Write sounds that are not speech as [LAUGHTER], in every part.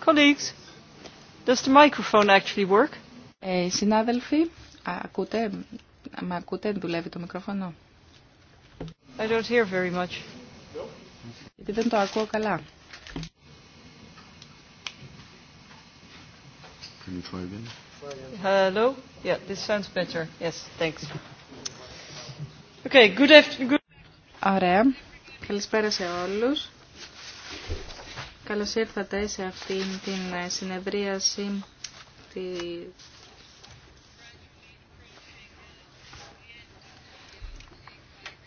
Colleagues, does the microphone actually work? Ε, συνάδελφοι, ακούτε, με ακούτε, δουλεύει το μικρόφωνο. I don't hear very much. Γιατί δεν το ακούω καλά. Can you try again? Hello? Yeah, this sounds better. Yes, thanks. Okay, good afternoon. Good... Ωραία. Καλησπέρα σε όλους. Καλώς ήρθατε σε αυτήν την ε, συνεδρίαση τη...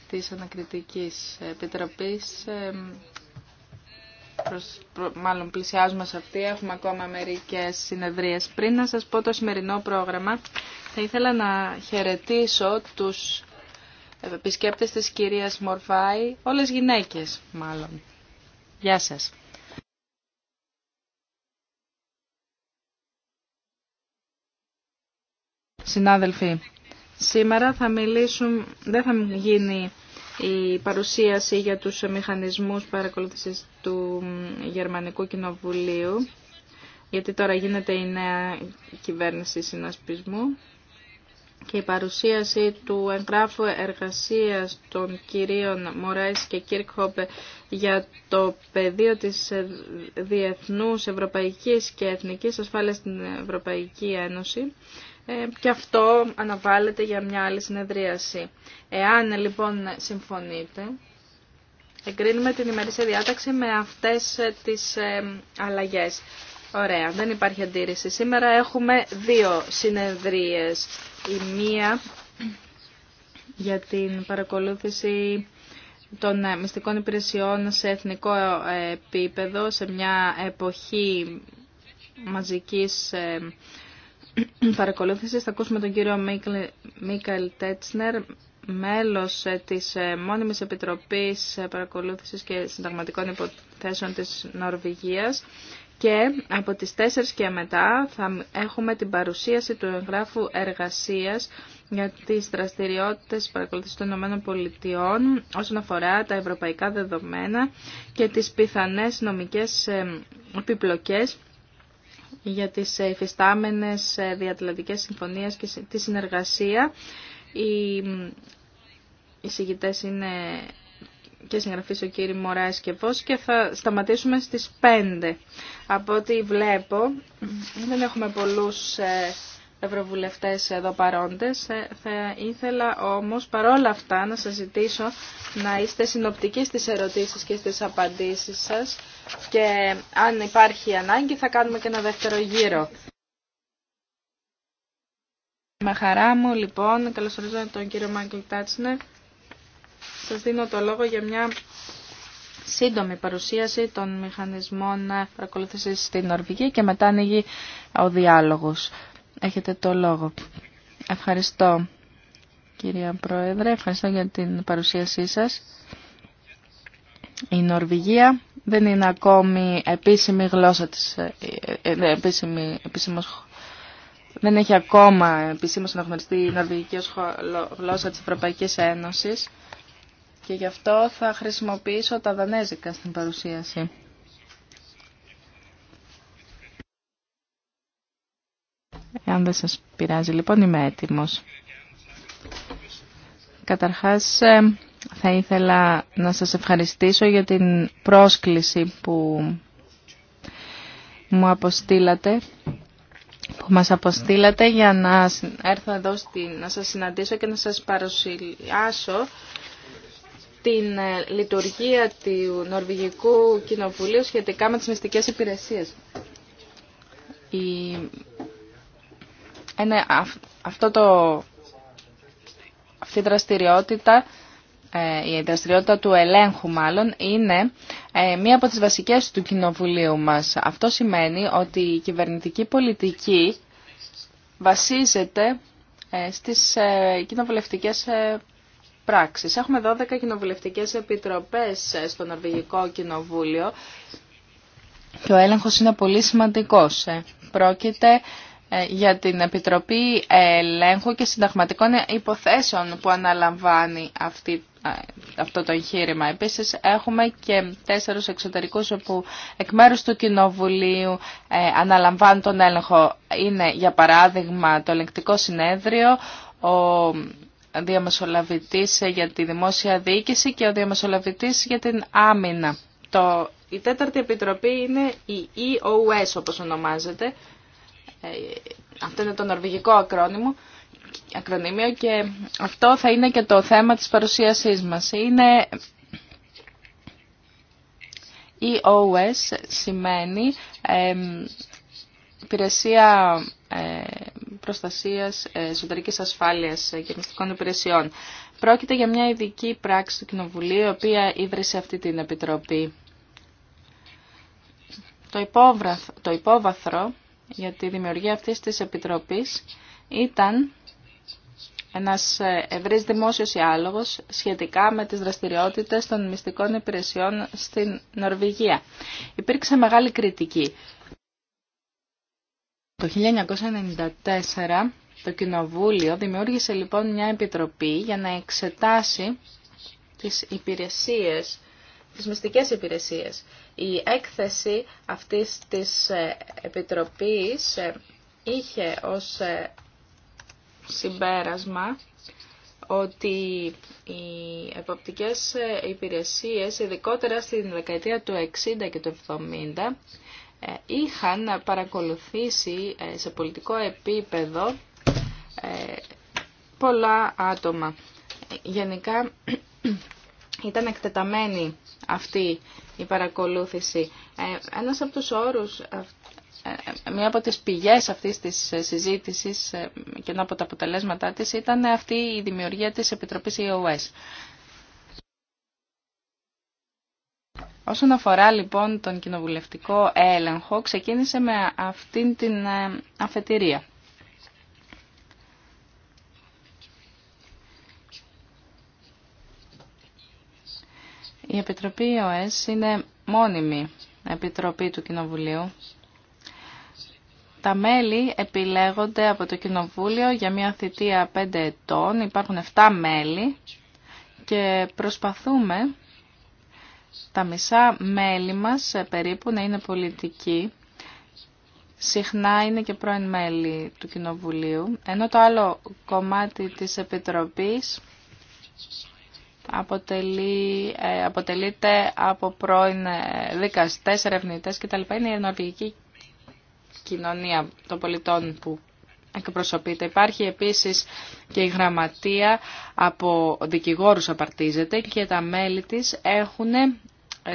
της Ανακριτικής Επιτροπής. μάλλον πλησιάζουμε σε αυτή, έχουμε ακόμα μερικές συνεδρίες. Πριν να σας πω το σημερινό πρόγραμμα, θα ήθελα να χαιρετήσω τους επισκέπτες της κυρίας Μορφάη, όλες γυναίκες μάλλον. Γεια σας. Συνάδελφοι, σήμερα θα μιλήσουμε, δεν θα γίνει η παρουσίαση για τους μηχανισμούς παρακολούθησης του Γερμανικού Κοινοβουλίου, γιατί τώρα γίνεται η νέα κυβέρνηση συνασπισμού και η παρουσίαση του εγγράφου εργασίας των κυρίων Μωράης και Κίρκχοπε για το πεδίο της διεθνούς ευρωπαϊκής και εθνικής ασφάλειας στην Ευρωπαϊκή Ένωση ε, και αυτό αναβάλλεται για μια άλλη συνεδρίαση. Εάν λοιπόν συμφωνείτε, εγκρίνουμε την ημερήσια διάταξη με αυτές τις ε, αλλαγές. Ωραία, δεν υπάρχει αντίρρηση. Σήμερα έχουμε δύο συνεδρίες. Η μία για την παρακολούθηση των ε, μυστικών υπηρεσιών σε εθνικό ε, επίπεδο, σε μια εποχή μαζικής ε, παρακολούθησης. Θα ακούσουμε τον κύριο Μίκαλ Τέτσνερ, μέλος της Μόνιμης Επιτροπής Παρακολούθησης και Συνταγματικών Υποθέσεων της Νορβηγίας και από τις 4 και μετά θα έχουμε την παρουσίαση του εγγράφου εργασίας για τις δραστηριότητες παρακολουθήσεων των Ηνωμένων Πολιτειών όσον αφορά τα ευρωπαϊκά δεδομένα και τις πιθανές νομικές ε, επιπλοκές για τις υφιστάμενες ε, διατλαντικές συμφωνίες και τη συνεργασία. Οι εισηγητές είναι και συγγραφείς ο κύριος Μωράης και Βος και θα σταματήσουμε στις 5. Από ό,τι βλέπω, δεν έχουμε πολλούς ε, ευρωβουλευτές εδώ παρόντες. Ε, θα ήθελα όμως παρόλα αυτά να σας ζητήσω να είστε συνοπτικοί στις ερωτήσεις και στις απαντήσεις σας και αν υπάρχει ανάγκη θα κάνουμε και ένα δεύτερο γύρο. Με χαρά μου λοιπόν καλωσορίζω τον κύριο Μάγκλ Τάτσνερ σας δίνω το λόγο για μια σύντομη παρουσίαση των μηχανισμών παρακολούθησης στην Νορβηγία και μετά ανοίγει ο διάλογος. Έχετε το λόγο. Ευχαριστώ κυρία Πρόεδρε, ευχαριστώ για την παρουσίασή σας. Η Νορβηγία δεν είναι ακόμη επίσημη γλώσσα της, ε, ε, ε, επίσημη, επίσημος, δεν έχει ακόμα επισήμως αναγνωριστεί η νορβηγική γλώσσα της Ευρωπαϊκής Ένωσης και γι' αυτό θα χρησιμοποιήσω τα δανέζικα στην παρουσίαση. Εάν δεν σας πειράζει, λοιπόν, είμαι έτοιμος. Καταρχάς, ε, θα ήθελα να σας ευχαριστήσω για την πρόσκληση που μου αποστήλατε που μας αποστήλατε για να έρθω εδώ να σας συναντήσω και να σας παρουσιάσω την ε, λειτουργία του Νορβηγικού Κοινοβουλίου σχετικά με τις μυστικές υπηρεσίες. αυτό το... Αυτή η δραστηριότητα, ε, η δραστηριότητα του ελέγχου μάλλον, είναι ε, μία από τις βασικές του Κοινοβουλίου μας. Αυτό σημαίνει ότι η κυβερνητική πολιτική βασίζεται στις κοινοβουλευτικές πράξεις. Έχουμε 12 κοινοβουλευτικές επιτροπές στο Νορβηγικό Κοινοβούλιο και ο έλεγχος είναι πολύ σημαντικός. Ε, πρόκειται ε, για την Επιτροπή Ελέγχου και Συνταγματικών Υποθέσεων που αναλαμβάνει αυτή, ε, αυτό το εγχείρημα. Επίσης έχουμε και τέσσερους εξωτερικούς που εκ μέρους του Κοινοβουλίου αναλαμβάνουν τον έλεγχο. Είναι για παράδειγμα το ελεγκτικό συνέδριο, διαμεσολαβητής για τη δημόσια διοίκηση και ο διαμεσολαβητής για την άμυνα. Το, η τέταρτη επιτροπή είναι η EOS όπως ονομάζεται. Ε, αυτό είναι το νορβηγικό ακρόνιμο ακρονίμιο και αυτό θα είναι και το θέμα της παρουσίασής μας. Είναι EOS σημαίνει ε, υπηρεσία ε, προστασίας ε, εσωτερικής ασφάλειας ε, και μυστικών υπηρεσιών. Πρόκειται για μια ειδική πράξη του Κοινοβουλίου, η οποία ίδρυσε αυτή την Επιτροπή. Το, υπόβραθ, το υπόβαθρο για τη δημιουργία αυτή της Επιτροπής ήταν ένας ε, ευρύς δημόσιος διάλογος σχετικά με τις δραστηριότητες των μυστικών υπηρεσιών στην Νορβηγία. Υπήρξε μεγάλη κριτική το 1994 το Κοινοβούλιο δημιούργησε λοιπόν μια επιτροπή για να εξετάσει τις υπηρεσίες, τις μυστικές υπηρεσίες. Η έκθεση αυτής της ε, επιτροπής ε, είχε ως ε, συμπέρασμα ότι οι εποπτικές υπηρεσίες, ειδικότερα στην δεκαετία του 60 και του 70, ε, είχαν παρακολουθήσει ε, σε πολιτικό επίπεδο ε, πολλά άτομα. Γενικά [CLEARS THROAT] ήταν εκτεταμένη αυτή η παρακολούθηση. Ένας από τους όρους, μία από τις πηγές αυτής της συζήτησης και ένα από τα αποτελέσματά της ήταν αυτή η δημιουργία της Επιτροπής EOS. Όσον αφορά λοιπόν τον κοινοβουλευτικό έλεγχο, ξεκίνησε με αυτήν την ε, αφετηρία. Η Επιτροπή ΟΕΣ είναι μόνιμη Επιτροπή του Κοινοβουλίου. Τα μέλη επιλέγονται από το Κοινοβούλιο για μια θητεία 5 ετών. Υπάρχουν 7 μέλη και προσπαθούμε τα μισά μέλη μας ε, περίπου να είναι πολιτικοί. Συχνά είναι και πρώην μέλη του Κοινοβουλίου, ενώ το άλλο κομμάτι της Επιτροπής αποτελεί, ε, αποτελείται από πρώην ε, δικαστές, ερευνητές κτλ. Είναι η νορβηγική κοινωνία των πολιτών που εκπροσωπείται. Υπάρχει επίσης και η γραμματεία από δικηγόρους απαρτίζεται και τα μέλη της έχουν ε,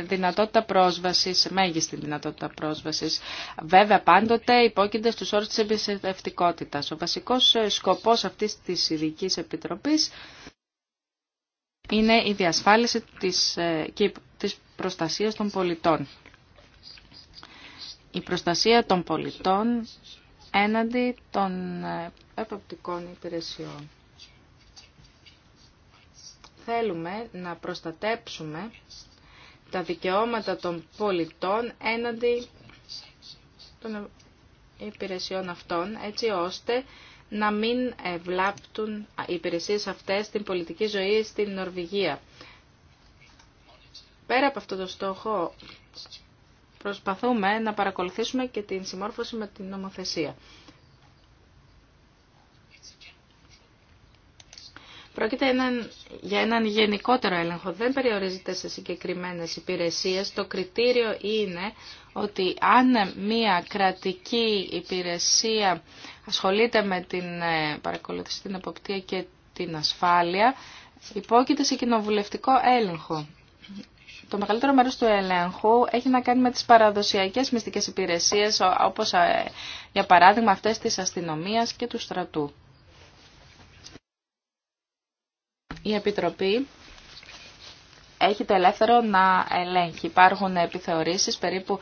δυνατότητα πρόσβασης, μέγιστη δυνατότητα πρόσβασης. Βέβαια πάντοτε υπόκεινται στους όρους της εμπιστευτικότητας. Ο βασικός ε, σκοπός αυτής της ειδική Επιτροπής είναι η διασφάλιση της, ε, και της προστασίας των πολιτών. Η προστασία των πολιτών έναντι των ε, εποπτικών υπηρεσιών. Θέλουμε να προστατέψουμε τα δικαιώματα των πολιτών έναντι των υπηρεσιών αυτών, έτσι ώστε να μην βλάπτουν οι υπηρεσίες αυτές την πολιτική ζωή στην Νορβηγία. Πέρα από αυτό το στόχο, προσπαθούμε να παρακολουθήσουμε και την συμμόρφωση με την νομοθεσία. Πρόκειται για έναν γενικότερο έλεγχο. Δεν περιορίζεται σε συγκεκριμένες υπηρεσίες. Το κριτήριο είναι ότι αν μία κρατική υπηρεσία ασχολείται με την ε, παρακολούθηση, την εποπτεία και την ασφάλεια, υπόκειται σε κοινοβουλευτικό έλεγχο. Το μεγαλύτερο μέρος του ελέγχου έχει να κάνει με τις παραδοσιακές μυστικές υπηρεσίες, όπως ε, για παράδειγμα αυτές της αστυνομίας και του στρατού. Η Επιτροπή έχει το ελεύθερο να ελέγχει. Υπάρχουν επιθεωρήσεις, περίπου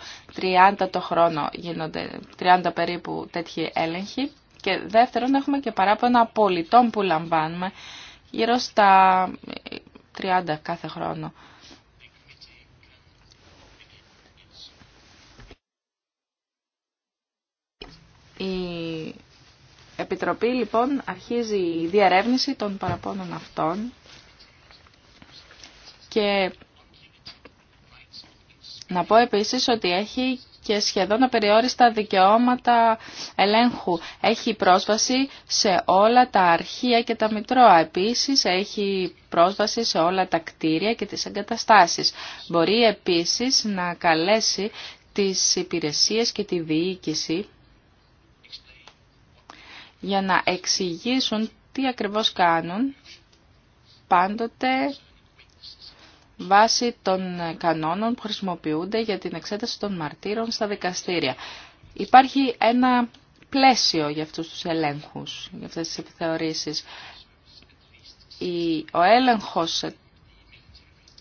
30 το χρόνο γίνονται, 30 περίπου τέτοιοι έλεγχοι. Και δεύτερον έχουμε και παράπονα πολιτών που λαμβάνουμε γύρω στα 30 ε, κάθε χρόνο. Η Επιτροπή λοιπόν αρχίζει η διαρεύνηση των παραπώνων αυτών και να πω επίσης ότι έχει και σχεδόν απεριόριστα δικαιώματα ελέγχου. Έχει πρόσβαση σε όλα τα αρχεία και τα μητρώα. Επίσης έχει πρόσβαση σε όλα τα κτίρια και τις εγκαταστάσεις. Μπορεί επίσης να καλέσει τις υπηρεσίες και τη διοίκηση για να εξηγήσουν τι ακριβώς κάνουν πάντοτε βάσει των κανόνων που χρησιμοποιούνται για την εξέταση των μαρτύρων στα δικαστήρια. Υπάρχει ένα πλαίσιο για αυτούς τους ελέγχους, για αυτές τις επιθεωρήσεις. Ο έλεγχος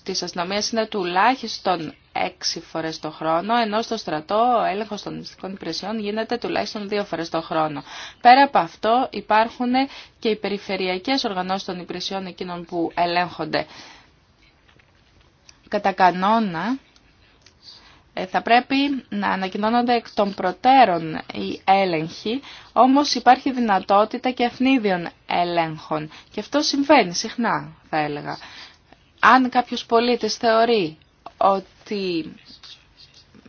της αστυνομίας είναι τουλάχιστον έξι φορέ το χρόνο, ενώ στο στρατό ο έλεγχο των μυστικών υπηρεσιών γίνεται τουλάχιστον δύο φορέ το χρόνο. Πέρα από αυτό υπάρχουν και οι περιφερειακές οργανώσεις των υπηρεσιών εκείνων που ελέγχονται. Κατά κανόνα ε, θα πρέπει να ανακοινώνονται εκ των προτέρων οι έλεγχοι, όμως υπάρχει δυνατότητα και ευνίδιων ελέγχων. Και αυτό συμβαίνει συχνά, θα έλεγα. Αν κάποιος πολίτης θεωρεί ότι ότι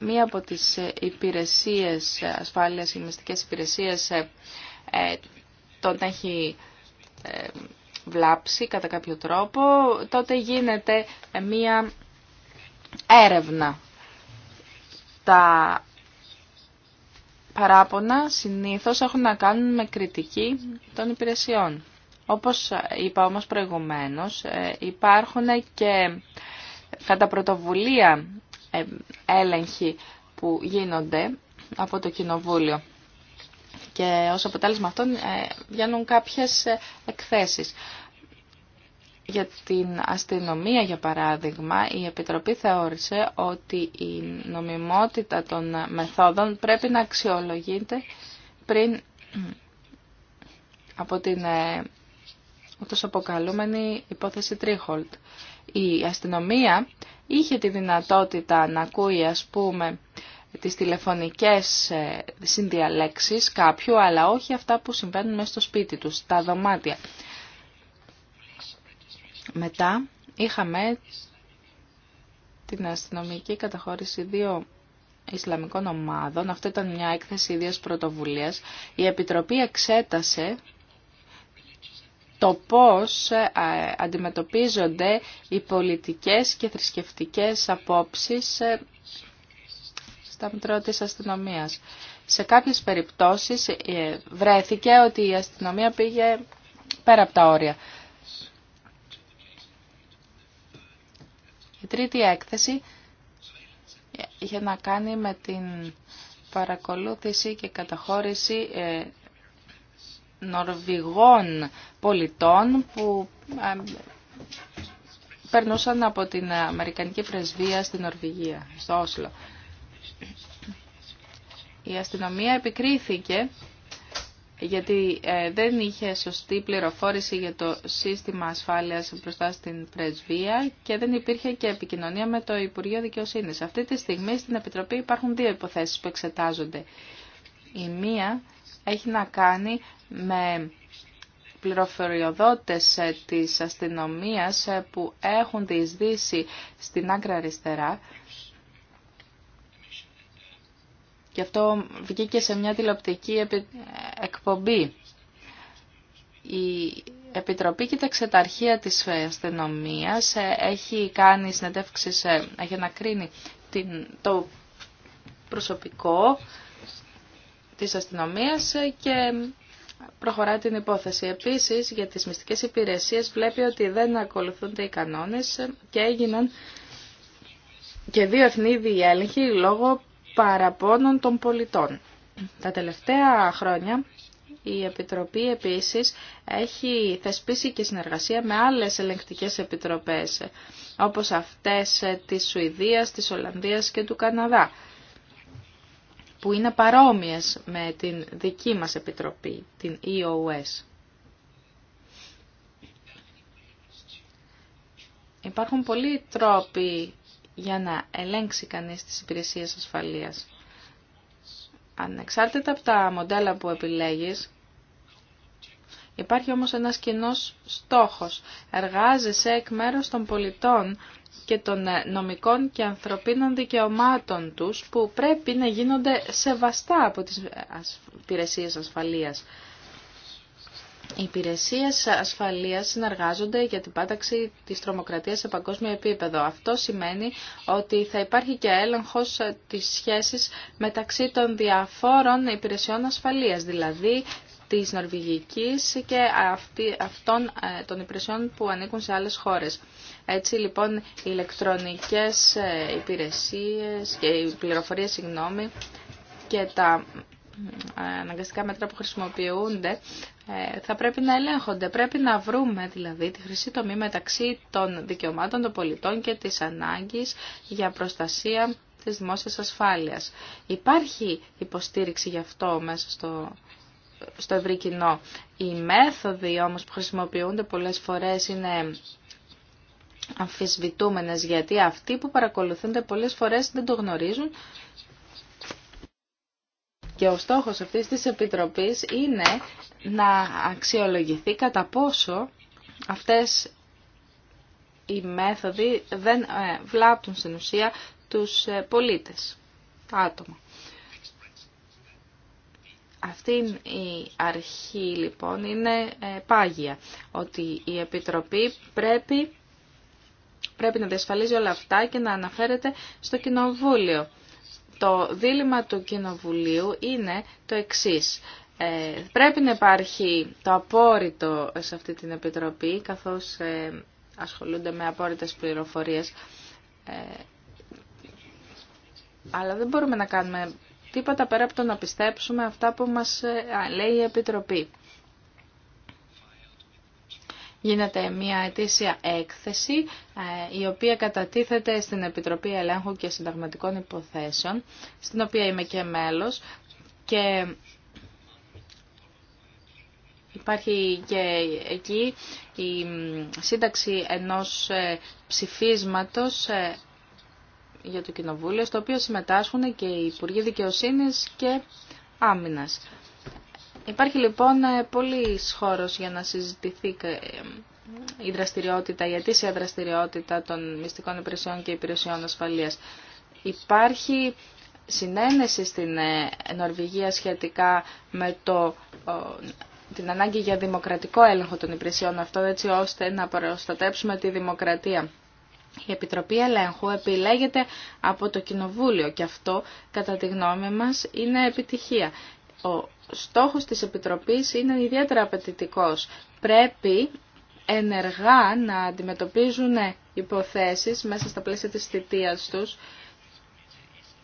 μία από τις ε, υπηρεσίες ασφάλειας, οι μυστικές υπηρεσίες, ε, ε, τον έχει βλάψει κατά κάποιο τρόπο, τότε γίνεται μία έρευνα. Τα παράπονα συνήθως έχουν να κάνουν με κριτική των υπηρεσιών. Όπως είπα όμως προηγουμένως, υπάρχουν και κατά πρωτοβουλία ε, έλεγχοι που γίνονται από το Κοινοβούλιο. Και ως αποτέλεσμα αυτών ε, βγαίνουν κάποιες ε, εκθέσεις. Για την αστυνομία, για παράδειγμα, η Επιτροπή θεώρησε ότι η νομιμότητα των μεθόδων πρέπει να αξιολογείται πριν από την ούτως αποκαλούμενη υπόθεση Τρίχολτ η αστυνομία είχε τη δυνατότητα να ακούει ας πούμε τις τηλεφωνικές ε, συνδιαλέξεις κάποιου, αλλά όχι αυτά που συμβαίνουν μέσα στο σπίτι τους, τα δωμάτια. Μετά είχαμε την αστυνομική καταχώρηση δύο Ισλαμικών ομάδων. Αυτό ήταν μια έκθεση ίδιας πρωτοβουλίας. Η Επιτροπή εξέτασε το πώς ε, αντιμετωπίζονται οι πολιτικές και θρησκευτικές απόψεις ε, στα μητρώα της αστυνομίας. Σε κάποιες περιπτώσεις ε, βρέθηκε ότι η αστυνομία πήγε πέρα από τα όρια. Η τρίτη έκθεση είχε να κάνει με την παρακολούθηση και καταχώρηση Νορβηγών πολιτών που περνούσαν από την Αμερικανική Πρεσβεία στην Νορβηγία, στο Όσλο. Η αστυνομία επικρίθηκε γιατί ε, δεν είχε σωστή πληροφόρηση για το σύστημα ασφάλειας μπροστά στην πρεσβεία και δεν υπήρχε και επικοινωνία με το Υπουργείο Δικαιοσύνης. Αυτή τη στιγμή στην Επιτροπή υπάρχουν δύο υποθέσεις που εξετάζονται. Η μία έχει να κάνει με πληροφοριοδότες ε, της αστυνομίας ε, που έχουν διεισδύσει στην άκρα αριστερά. Και αυτό βγήκε σε μια τηλεοπτική εκπομπή. Η Επιτροπή και τα ξεταρχία της ε, αστυνομίας έχει κάνει συνεντεύξεις, έχει ανακρίνει την, το προσωπικό της αστυνομίας και προχωρά την υπόθεση. Επίσης, για τις μυστικές υπηρεσίες βλέπει ότι δεν ακολουθούνται οι κανόνες και έγιναν και δύο εθνίδιοι έλεγχοι λόγω παραπώνων των πολιτών. Τα τελευταία χρόνια η Επιτροπή επίσης έχει θεσπίσει και συνεργασία με άλλες ελεγκτικές επιτροπές, όπως αυτές της Σουηδίας, της Ολλανδίας και του Καναδά που είναι παρόμοιες με την δική μας επιτροπή, την EOS. Υπάρχουν πολλοί τρόποι για να ελέγξει κανείς τις υπηρεσίες ασφαλείας. Ανεξάρτητα από τα μοντέλα που επιλέγεις, υπάρχει όμως ένας κοινός στόχος. Εργάζεσαι εκ μέρους των πολιτών και των ε, νομικών και ανθρωπίνων δικαιωμάτων τους που πρέπει να γίνονται σεβαστά από τις ε, υπηρεσίες ασφαλείας. Οι υπηρεσίες ασφαλείας συνεργάζονται για την πάταξη της τρομοκρατίας σε παγκόσμιο επίπεδο. Αυτό σημαίνει ότι θα υπάρχει και έλεγχος ε, της σχέσης μεταξύ των διαφόρων υπηρεσιών ασφαλείας, δηλαδή της Νορβηγικής και αυτή, αυτών ε, των υπηρεσιών που ανήκουν σε άλλες χώρες. Έτσι λοιπόν οι ηλεκτρονικές ε, υπηρεσίες και οι πληροφορίες συγγνώμη, και τα ε, αναγκαστικά μέτρα που χρησιμοποιούνται θα πρέπει να ελέγχονται. Πρέπει να βρούμε δηλαδή τη χρυσή τομή μεταξύ των δικαιωμάτων των πολιτών και της ανάγκης για προστασία της δημόσιας ασφάλειας. Υπάρχει υποστήριξη γι' αυτό μέσα στο στο ευρύ κοινό. Οι μέθοδοι όμως που χρησιμοποιούνται πολλές φορές είναι αμφισβητούμενες γιατί αυτοί που παρακολουθούνται πολλές φορές δεν το γνωρίζουν και ο στόχος αυτής της Επιτροπής είναι να αξιολογηθεί κατά πόσο αυτές οι μέθοδοι δεν ε, βλάπτουν στην ουσία τους ε, πολίτες, τα άτομα. Αυτή η αρχή λοιπόν είναι ε, πάγια, ότι η Επιτροπή πρέπει, πρέπει να διασφαλίζει όλα αυτά και να αναφέρεται στο Κοινοβούλιο. Το δίλημα του Κοινοβουλίου είναι το εξής. Ε, πρέπει να υπάρχει το απόρριτο σε αυτή την Επιτροπή, καθώς ε, ασχολούνται με απόρριτες πληροφορίες, αλλά δεν μπορούμε να κάνουμε τίποτα πέρα από το να πιστέψουμε αυτά που μας ε, λέει η Επιτροπή. Γίνεται μια ετήσια έκθεση ε, η οποία κατατίθεται στην Επιτροπή Ελέγχου και Συνταγματικών Υποθέσεων, στην οποία είμαι και μέλος και υπάρχει και εκεί η σύνταξη ενός ε, ψηφίσματος για το Κοινοβούλιο, στο οποίο συμμετάσχουν και οι Υπουργοί Δικαιοσύνης και Άμυνας. Υπάρχει λοιπόν ε, πολύ χώρος για να συζητηθεί ε, η δραστηριότητα, η αιτήσια δραστηριότητα των μυστικών υπηρεσιών και υπηρεσιών ασφαλείας. Υπάρχει συνένεση στην ε, Νορβηγία σχετικά με το, την ανάγκη για δημοκρατικό έλεγχο των υπηρεσιών αυτό έτσι ώστε να προστατέψουμε τη δημοκρατία. Η Επιτροπή Ελέγχου επιλέγεται από το Κοινοβούλιο και αυτό, κατά τη γνώμη μας, είναι επιτυχία. Ο στόχος της Επιτροπής είναι ιδιαίτερα απαιτητικό. Πρέπει ενεργά να αντιμετωπίζουν υποθέσεις μέσα στα πλαίσια της θητείας τους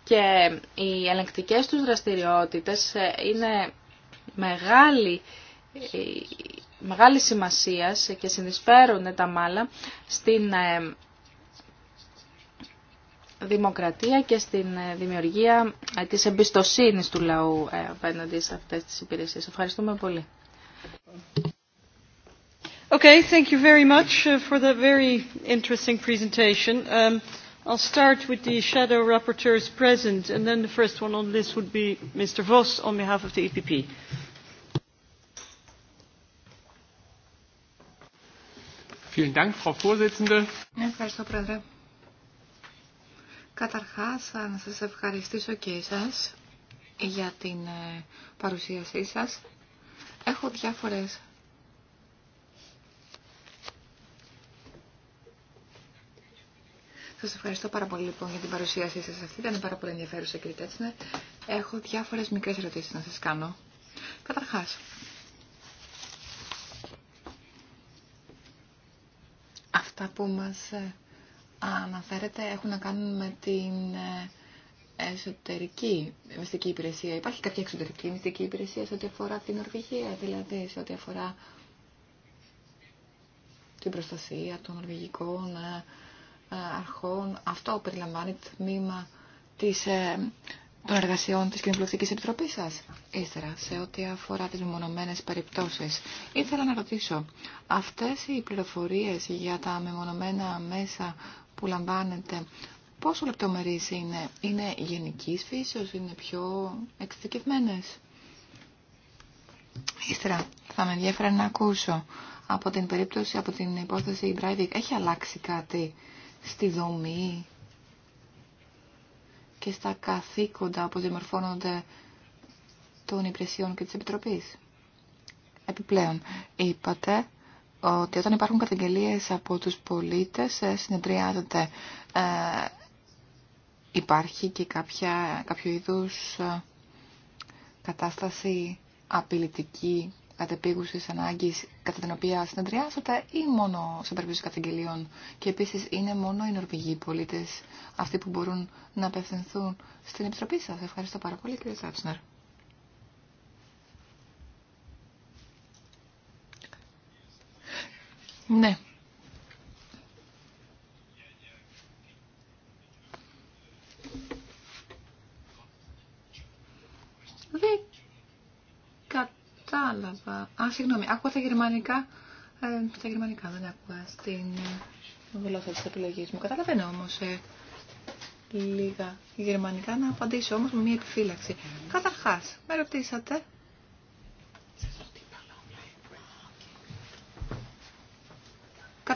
και οι ελεγκτικές τους δραστηριότητες είναι μεγάλη, ε, μεγάλη σημασία και συνεισφέρουν τα μάλα στην ε, δημοκρατία και στην δημιουργία της εμπιστοσύνης του λαού απέναντι σε αυτές τις υπηρεσίες. Ευχαριστούμε πολύ. Okay, thank you very much for the very interesting presentation. Um, I'll start with the shadow rapporteurs present, and then the first one on this would be Mr. Voss on behalf of the EPP. Vielen Dank, Frau Vorsitzende. Frau Präsidentin. Καταρχάς, να σας ευχαριστήσω και εσάς για την ε, παρουσίασή σας. Έχω διάφορες Σας ευχαριστώ πάρα πολύ λοιπόν για την παρουσίασή σας αυτή. Ήταν πάρα πολύ ενδιαφέρουσα κύριε Τέτσνερ. Έχω διάφορες μικρές ερωτήσεις να σας κάνω. Καταρχάς, αυτά που μας ε, αναφέρεται έχουν να κάνουν με την ε, εσωτερική μυστική υπηρεσία. Υπάρχει κάποια εξωτερική μυστική υπηρεσία σε ό,τι αφορά την Νορβηγία, δηλαδή σε ό,τι αφορά την προστασία των νορβηγικών ε, ε, αρχών. Αυτό περιλαμβάνει τμήμα της, των εργασιών της Κοινοβουλευτικής Επιτροπής σας. Ύστερα, σε ό,τι αφορά τις μεμονωμένες περιπτώσεις, ήθελα να ρωτήσω, αυτές οι πληροφορίες για τα μεμονωμένα μέσα που λαμβάνετε, πόσο λεπτομερείς είναι. Είναι γενικής φύσεως, είναι πιο εξειδικευμένες. Ύστερα, θα με ενδιαφέρει να ακούσω από την περίπτωση, από την υπόθεση Μπράιβικ, έχει αλλάξει κάτι στη δομή και στα καθήκοντα που διαμορφώνονται των υπηρεσιών και της Επιτροπής. Επιπλέον, είπατε ότι όταν υπάρχουν καταγγελίες από τους πολίτες ε, συνεδριάζεται ε, υπάρχει και κάποια, κάποιο είδους ε, κατάσταση απειλητική κατεπίγουσης ανάγκης κατά την οποία συνεδριάζεται ή μόνο σε περίπτωση καταγγελίων. Και επίσης είναι μόνο οι Νορβηγοί πολίτες αυτοί που μπορούν να απευθυνθούν στην Επιτροπή σας. Ευχαριστώ πάρα πολύ κύριε Σάψνερ. Ναι. Δεν κατάλαβα. Α, συγγνώμη, άκουγα τα γερμανικά. Ε, τα γερμανικά δεν άκουγα στην ε, γλώσσα τη επιλογή μου. Καταλαβαίνω όμω ε, λίγα γερμανικά να απαντήσω όμω με μια επιφύλαξη. Καταρχά, με ρωτήσατε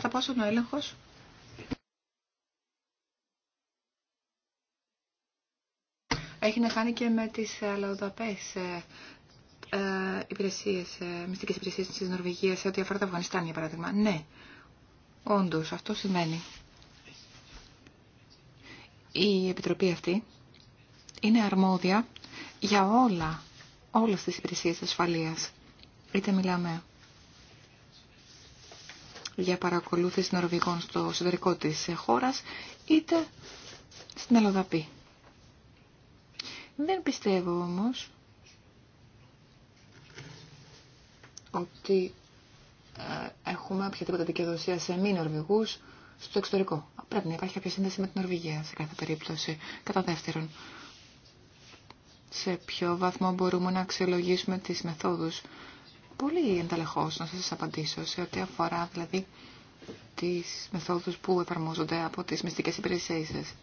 κατά πόσο ο έλεγχος έχει να κάνει και με τις αλλοδαπές ε, ε, υπηρεσίες, ε, μυστικές υπηρεσίες της Νορβηγίας σε ό,τι αφορά το Αφγανιστάν για παράδειγμα. Ναι, όντως αυτό σημαίνει. Η Επιτροπή αυτή είναι αρμόδια για όλα, όλες τις υπηρεσίες ασφαλείας. Είτε μιλάμε για παρακολούθηση νορβηγών στο εσωτερικό της χώρας, είτε στην Ελλοδαπή. Δεν πιστεύω όμως ότι ε, έχουμε οποιαδήποτε δικαιοδοσία σε μη Νορβηγούς στο εξωτερικό. Πρέπει να υπάρχει κάποια σύνδεση με την Νορβηγία σε κάθε περίπτωση. Κατά δεύτερον, σε ποιο βαθμό μπορούμε να αξιολογήσουμε τις μεθόδους πολύ ενταλεχώς να σας απαντήσω σε ό,τι αφορά δηλαδή τις μεθόδους που εφαρμόζονται από τις μυστικές υπηρεσίες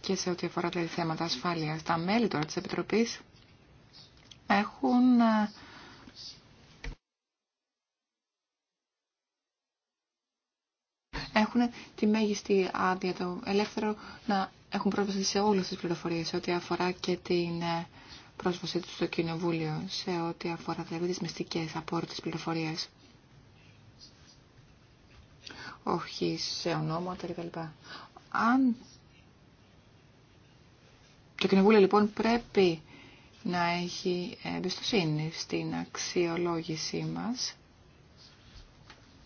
και σε ό,τι αφορά τα δηλαδή, θέματα ασφάλειας. Τα μέλη τώρα της Επιτροπής έχουν ε, έχουν τη μέγιστη άδεια το ελεύθερο να έχουν πρόσβαση σε όλες τις πληροφορίες ό,τι αφορά και την ε, πρόσβασή του στο Κοινοβούλιο σε ό,τι αφορά δηλαδή τις μυστικές απόρριτες πληροφορίες. Όχι σε ονόματα κλπ. Αν το Κοινοβούλιο λοιπόν πρέπει να έχει εμπιστοσύνη στην αξιολόγησή μα.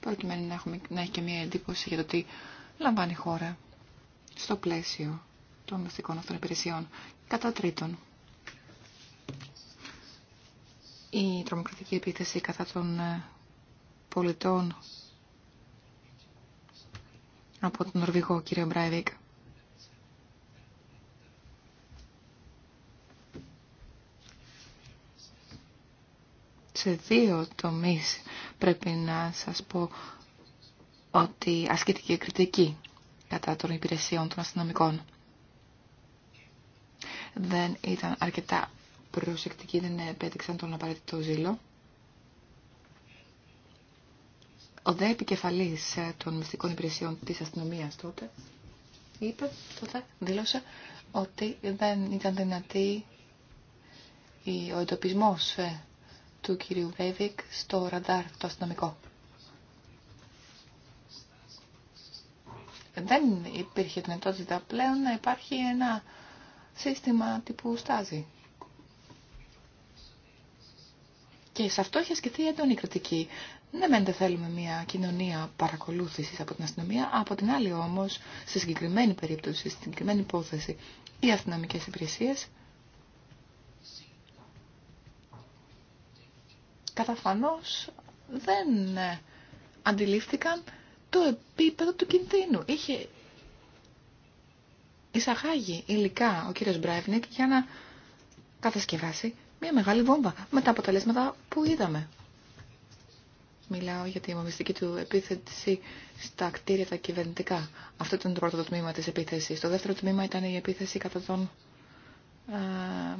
προκειμένου να, έχουμε, να έχει και μια εντύπωση για το τι λαμβάνει η χώρα στο πλαίσιο των μυστικών αυτών υπηρεσιών. Κατά τρίτον, η τρομοκρατική επίθεση κατά των ε, πολιτών από τον Νορβηγό κύριο Μπράιβικ. Σε δύο τομείς πρέπει να σας πω ότι ασκήθηκε κριτική κατά των υπηρεσιών των αστυνομικών. Δεν ήταν αρκετά προσεκτικοί, δεν επέτυξαν τον απαραίτητο ζήλο. Ο δε επικεφαλής ε, των μυστικών υπηρεσιών της αστυνομίας τότε είπε, τότε δήλωσε ότι δεν ήταν δυνατή ο εντοπισμό ε, του κυρίου Βέβικ στο ραντάρ το αστυνομικό. Δεν υπήρχε δυνατότητα πλέον να υπάρχει ένα σύστημα τύπου στάζι. Και σε αυτό έχει ασκηθεί έντονη κριτική. Ναι, μεν δεν θέλουμε μια κοινωνία παρακολούθηση από την αστυνομία, από την άλλη όμω, σε συγκεκριμένη περίπτωση, στην συγκεκριμένη υπόθεση, οι αστυνομικέ υπηρεσίε καταφανώς δεν ε, αντιλήφθηκαν το επίπεδο του κινδύνου. Είχε εισαγάγει υλικά ο κύριος Μπράιβνικ για να κατασκευάσει μια μεγάλη βόμβα με τα αποτελέσματα που είδαμε. Μιλάω για τη μομιστική του επίθεση στα κτίρια τα κυβερνητικά. Αυτό ήταν το πρώτο τμήμα της επίθεσης. Το δεύτερο τμήμα ήταν η επίθεση κατά τον, ε,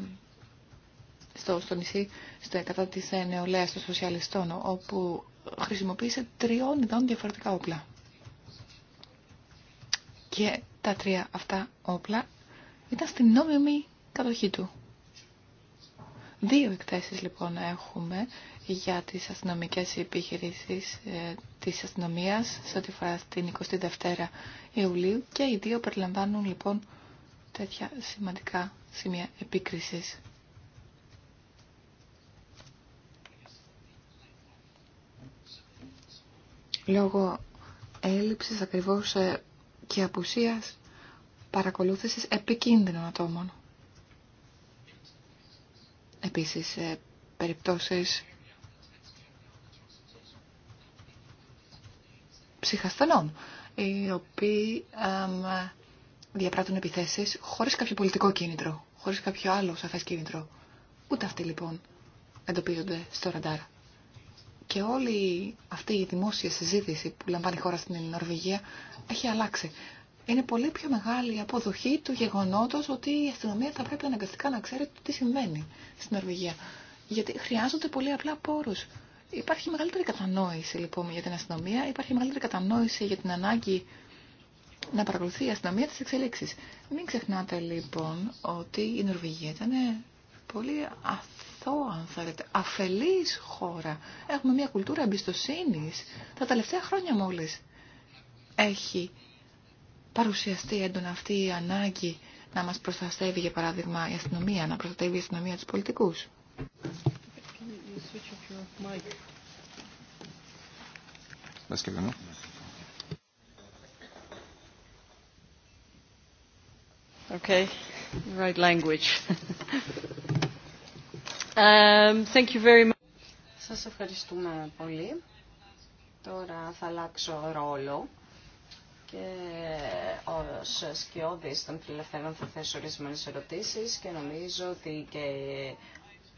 στο, στο νησί στο, κατά της ε, νεολαίας των σοσιαλιστών, όπου χρησιμοποίησε τριών ειδών διαφορετικά όπλα. Και τα τρία αυτά όπλα ήταν στην νόμιμη κατοχή του. Δύο εκθέσεις λοιπόν έχουμε για τις αστυνομικές επιχειρήσεις ε, της αστυνομίας σε ό,τι φορά την 22 Ιουλίου και οι δύο περιλαμβάνουν λοιπόν τέτοια σημαντικά σημεία επίκρισης. Λόγω έλλειψης ακριβώς ε, και απουσίας παρακολούθησης επικίνδυνων ατόμων. Επίσης, ε, περιπτώσεις ψυχασθενών, οι οποίοι διαπράττουν επιθέσεις χωρίς κάποιο πολιτικό κίνητρο, χωρίς κάποιο άλλο σαφές κίνητρο. Ούτε αυτοί λοιπόν εντοπίζονται στο ραντάρ. Και όλη αυτή η δημόσια συζήτηση που λαμβάνει η χώρα στην Νορβηγία έχει αλλάξει είναι πολύ πιο μεγάλη η αποδοχή του γεγονότο ότι η αστυνομία θα πρέπει αναγκαστικά να ξέρει τι συμβαίνει στην Νορβηγία. Γιατί χρειάζονται πολύ απλά πόρου. Υπάρχει μεγαλύτερη κατανόηση λοιπόν για την αστυνομία, υπάρχει μεγαλύτερη κατανόηση για την ανάγκη να παρακολουθεί η αστυνομία τι εξελίξει. Μην ξεχνάτε λοιπόν ότι η Νορβηγία ήταν πολύ αθώα, αν θέλετε, αφελή χώρα. Έχουμε μια κουλτούρα εμπιστοσύνη. Τα τελευταία χρόνια μόλι έχει παρουσιαστεί έντονα αυτή η ανάγκη να μας προστατεύει, για παράδειγμα, η αστυνομία, να προστατεύει η αστυνομία τους πολιτικούς. Okay, right language. Um, thank you very much. Σας ευχαριστούμε πολύ. Τώρα θα αλλάξω ρόλο και ως σκιώδης των φιλελευθερών θα θέσω ορισμένε ερωτήσει, και νομίζω ότι και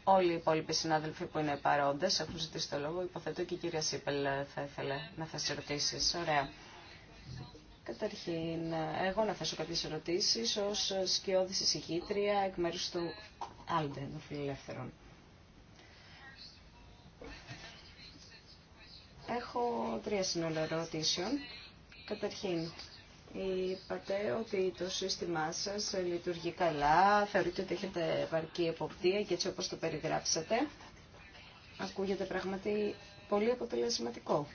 όλοι οι υπόλοιποι συνάδελφοι που είναι παρόντες έχουν ζητήσει το λόγο. Υποθέτω και η κυρία Σίπελ θα ήθελε να θέσει ερωτήσεις. Ωραία. Καταρχήν, εγώ να θέσω κάποιες ερωτήσει ως σκιώδης εισηγήτρια εκ μέρους του Άλντεν, των φιλελεύθερων. Έχω τρία σύνολα ερωτήσεων. Καταρχήν, είπατε ότι το σύστημά σας λειτουργεί καλά, θεωρείτε ότι έχετε βαρκή εποπτεία και έτσι όπως το περιγράψατε, ακούγεται πράγματι πολύ αποτελεσματικό.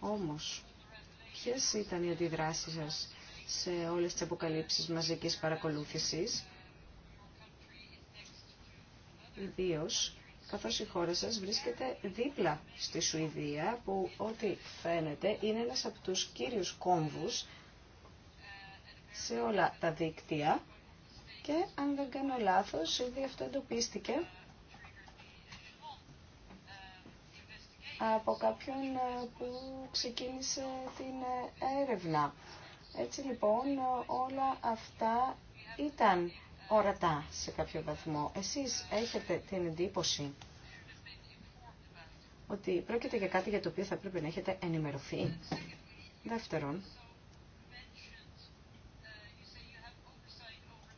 Όμως, ποιες ήταν οι αντιδράσεις σας σε όλες τις αποκαλύψεις μαζικής παρακολούθησης, ιδίως καθώς η χώρα σας βρίσκεται δίπλα στη Σουηδία, που ό,τι φαίνεται είναι ένας από τους κύριους κόμβους σε όλα τα δίκτυα και αν δεν κάνω λάθος, ήδη αυτό εντοπίστηκε από κάποιον ε, που ξεκίνησε την ε, έρευνα. Έτσι λοιπόν όλα αυτά ήταν ορατά σε κάποιο βαθμό. Εσείς έχετε την εντύπωση ότι πρόκειται για κάτι για το οποίο θα πρέπει να έχετε ενημερωθεί. Δεύτερον,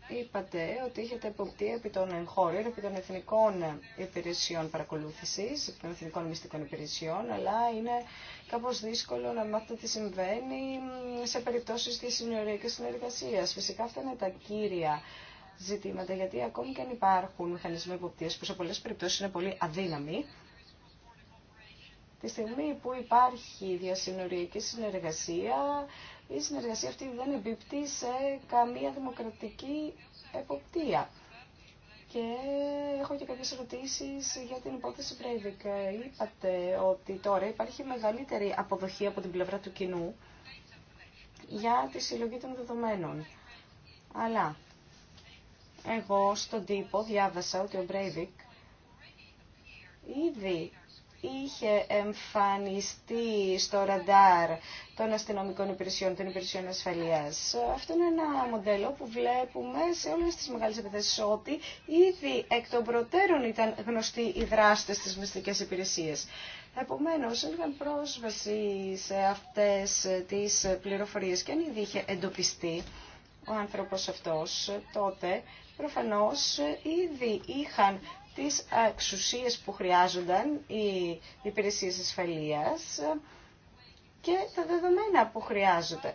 είπατε ότι έχετε εποπτεία επί των εγχώριων, επί των εθνικών υπηρεσιών παρακολούθησης, επί των εθνικών μυστικών υπηρεσιών, αλλά είναι κάπως δύσκολο να μάθετε τι συμβαίνει σε περιπτώσεις της συνεργασίας. Φυσικά αυτά είναι τα κύρια ζητήματα, γιατί ακόμη και αν υπάρχουν μηχανισμοί υποπτήρες που σε πολλές περιπτώσεις είναι πολύ αδύναμοι, τη στιγμή που υπάρχει διασυνοριακή συνεργασία, η συνεργασία αυτή δεν εμπίπτει σε καμία δημοκρατική εποπτεία. Και έχω και κάποιες ερωτήσει για την υπόθεση Breivik. Είπατε ότι τώρα υπάρχει μεγαλύτερη αποδοχή από την πλευρά του κοινού για τη συλλογή των δεδομένων. Αλλά εγώ στον τύπο διάβασα ότι ο Μπρέιβικ ήδη είχε εμφανιστεί στο ραντάρ των αστυνομικών υπηρεσιών, των υπηρεσιών ασφαλείας. Αυτό είναι ένα μοντέλο που βλέπουμε σε όλες τις μεγάλες επιθέσεις ότι ήδη εκ των προτέρων ήταν γνωστοί οι δράστες στις μυστικές υπηρεσίες. Επομένως, είχαν πρόσβαση σε αυτές τις πληροφορίες και αν ήδη είχε εντοπιστεί ο άνθρωπος αυτός, τότε προφανώς ήδη είχαν τις εξουσίες που χρειάζονταν οι υπηρεσίες ασφαλείας και τα δεδομένα που χρειάζονται.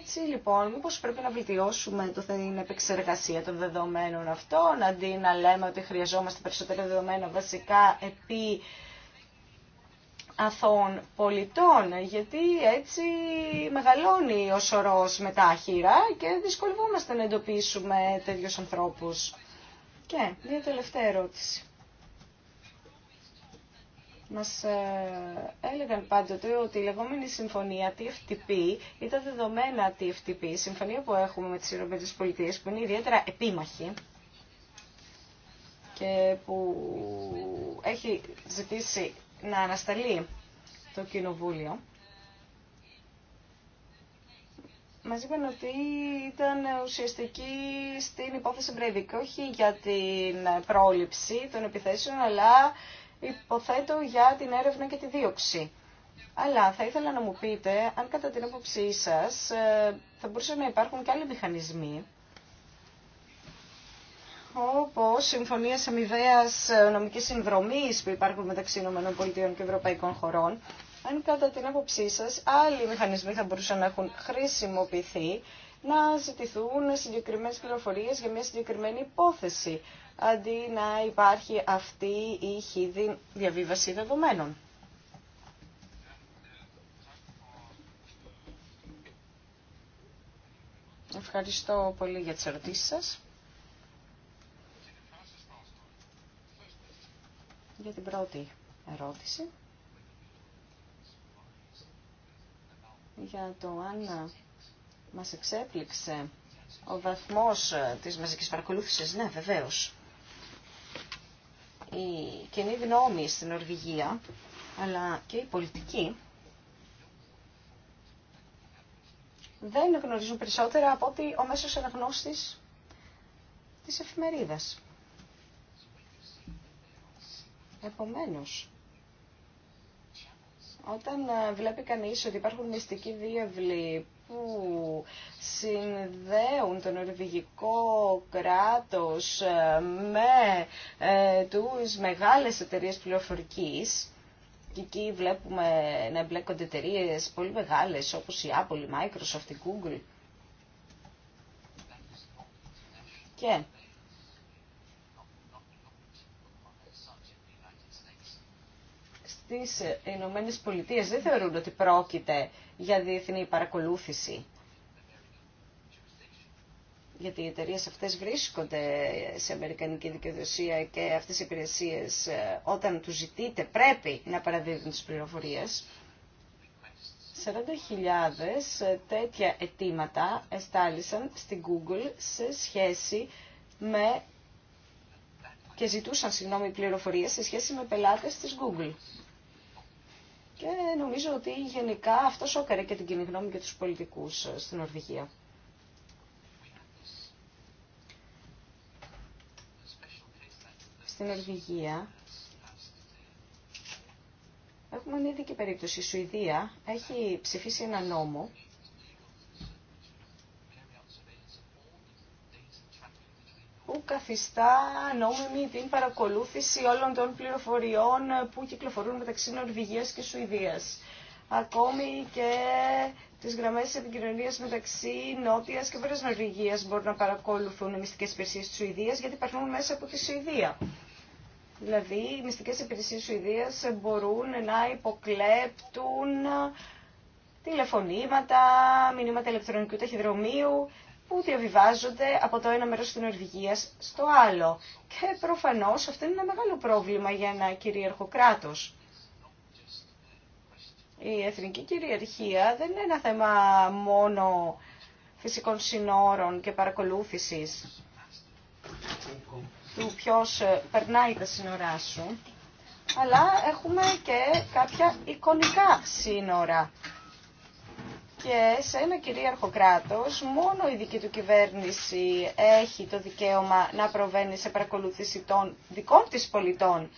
Έτσι λοιπόν, μήπω πρέπει να βελτιώσουμε το την επεξεργασία των δεδομένων αυτών, αντί να λέμε ότι χρειαζόμαστε περισσότερα δεδομένα βασικά επί αθών πολιτών, γιατί έτσι μεγαλώνει ο σωρός χείρα και δυσκολευόμαστε να εντοπίσουμε τέτοιους ανθρώπους. Και μια τελευταία ερώτηση. Μας ε, έλεγαν πάντοτε ότι η λεγόμενη συμφωνία TFTP ή τα δεδομένα TFTP, η συμφωνία που έχουμε με τις Ηνωμένες Πολιτείες, που είναι ιδιαίτερα επίμαχη, και που έχει ζητήσει να ανασταλεί το κοινοβούλιο. Μας είπαν ότι ήταν ουσιαστική στην υπόθεση Μπρέιβικ, όχι για την πρόληψη των επιθέσεων, αλλά υποθέτω για την έρευνα και τη δίωξη. Αλλά θα ήθελα να μου πείτε αν κατά την άποψή σας ε, θα μπορούσαν να υπάρχουν και άλλοι μηχανισμοί όπως συμφωνίες αμοιβαίας ε, νομική συνδρομής που υπάρχουν μεταξύ ΗΠΑ και ευρωπαϊκών χωρών, αν κατά την άποψή σας άλλοι μηχανισμοί θα μπορούσαν να έχουν χρησιμοποιηθεί να ζητηθούν συγκεκριμένες πληροφορίες για μια συγκεκριμένη υπόθεση, αντί να υπάρχει αυτή η χίδη διαβίβαση δεδομένων. Ευχαριστώ πολύ για τις ερωτήσεις σας. για την πρώτη ερώτηση. Για το αν μας εξέπληξε ο βαθμός της μαζικής παρακολούθησης. Ναι, βεβαίως. Η κοινή γνώμη στην Ορβηγία αλλά και η πολιτική, δεν γνωρίζουν περισσότερα από ότι ο μέσος αναγνώστης της εφημερίδας. Επομένως, όταν ε, βλέπει κανείς ότι υπάρχουν μυστικοί διευλοί που συνδέουν τον Ορβηγικό κράτος ε, με ε, τους μεγάλες εταιρείες πληροφορικής, και εκεί βλέπουμε να εμπλέκονται εταιρείε πολύ μεγάλες όπως η Apple, η Microsoft, η Google. Και στις Ηνωμένε Πολιτείε δεν θεωρούν ότι πρόκειται για διεθνή παρακολούθηση. Γιατί οι εταιρείε αυτές βρίσκονται σε Αμερικανική δικαιοδοσία και αυτές οι υπηρεσίες ε, όταν τους ζητείτε πρέπει να παραδίδουν τις πληροφορίες. 40.000 ε, τέτοια αιτήματα εστάλησαν στην Google σε σχέση με και ζητούσαν συγγνώμη πληροφορίες σε σχέση με πελάτες της Google. Και νομίζω ότι γενικά αυτό σώκαρε και την κοινή γνώμη και τους πολιτικούς ε, στην Ορβηγία. Στην Ορβηγία έχουμε μια και περίπτωση. Η Σουηδία έχει ψηφίσει ένα νόμο καθιστά νόμιμη την παρακολούθηση όλων των πληροφοριών που κυκλοφορούν μεταξύ Νορβηγίας και Σουηδίας. Ακόμη και τις γραμμές επικοινωνία μεταξύ Νότιας και Βόρειας μπορούν να παρακολουθούν οι μυστικές υπηρεσίες της Σουηδίας γιατί υπάρχουν μέσα από τη Σουηδία. Δηλαδή, οι μυστικές υπηρεσίες της Σουηδίας μπορούν να υποκλέπτουν τηλεφωνήματα, μηνύματα ηλεκτρονικού ταχυδρομείου που διαβιβάζονται από το ένα μέρος της Νορβηγίας στο άλλο. Και προφανώς αυτό είναι ένα μεγάλο πρόβλημα για ένα κυρίαρχο κράτος. Η εθνική κυριαρχία δεν είναι ένα θέμα μόνο φυσικών συνόρων και παρακολούθησης του ποιος ε, περνάει τα σύνορά σου, αλλά έχουμε και κάποια εικονικά σύνορα και σε ένα κυρίαρχο κράτος μόνο η δική του κυβέρνηση έχει το δικαίωμα να προβαίνει σε παρακολούθηση των δικών της πολιτών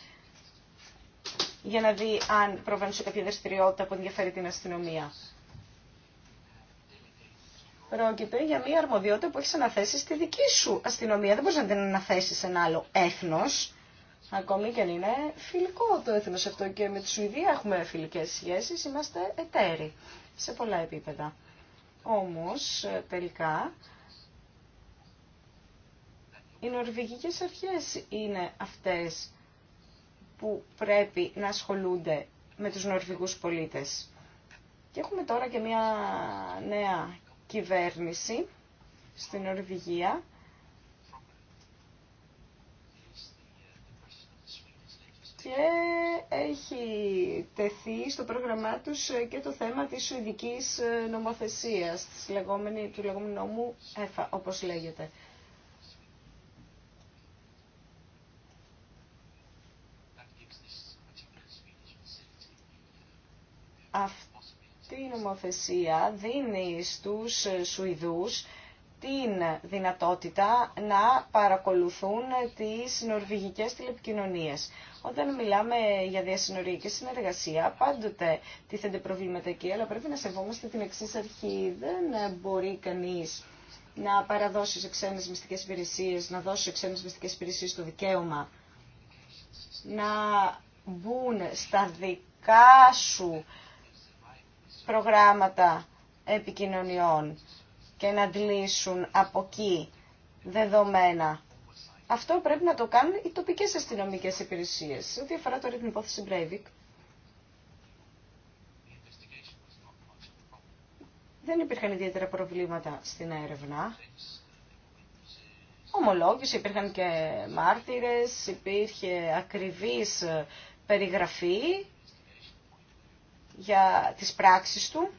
για να δει αν προβαίνουν σε κάποια δραστηριότητα που ενδιαφέρει την αστυνομία. Πρόκειται για μια αρμοδιότητα που έχει αναθέσει στη δική σου αστυνομία. Δεν μπορεί να την αναθέσει σε ένα άλλο έθνο. Ακόμη και αν είναι φιλικό το έθνο αυτό και με τη Σουηδία έχουμε φιλικέ σχέσει, είμαστε εταίροι σε πολλά επίπεδα. Όμως, ε, τελικά, οι νορβηγικές αρχές είναι αυτές που πρέπει να ασχολούνται με τους νορβηγούς πολίτες. Και έχουμε τώρα και μια νέα κυβέρνηση στην Νορβηγία και έχει τεθεί στο πρόγραμμά τους ε, και το θέμα της σουηδικής ε, νομοθεσίας, της λεγόμενη, του λεγόμενου νόμου ΕΦΑ, όπως λέγεται. Αυτή η νομοθεσία δίνει στους ε, Σουηδούς την δυνατότητα να παρακολουθούν τις νορβηγικές τηλεπικοινωνίες. Όταν μιλάμε για διασυνοριακή συνεργασία, πάντοτε τίθενται προβλήματα εκεί, αλλά πρέπει να σεβόμαστε την εξή αρχή. Δεν μπορεί κανείς να παραδώσει σε ξένες μυστικές υπηρεσίες, να δώσει σε ξένες μυστικές υπηρεσίες το δικαίωμα να μπουν στα δικά σου προγράμματα επικοινωνιών και να αντλήσουν από εκεί δεδομένα. Αυτό πρέπει να το κάνουν οι τοπικές αστυνομικές υπηρεσίες. Ό,τι αφορά τώρα την υπόθεση δεν υπήρχαν ιδιαίτερα προβλήματα στην έρευνα. Ομολόγηση, υπήρχαν και μάρτυρες, υπήρχε ακριβής περιγραφή για τις πράξεις του.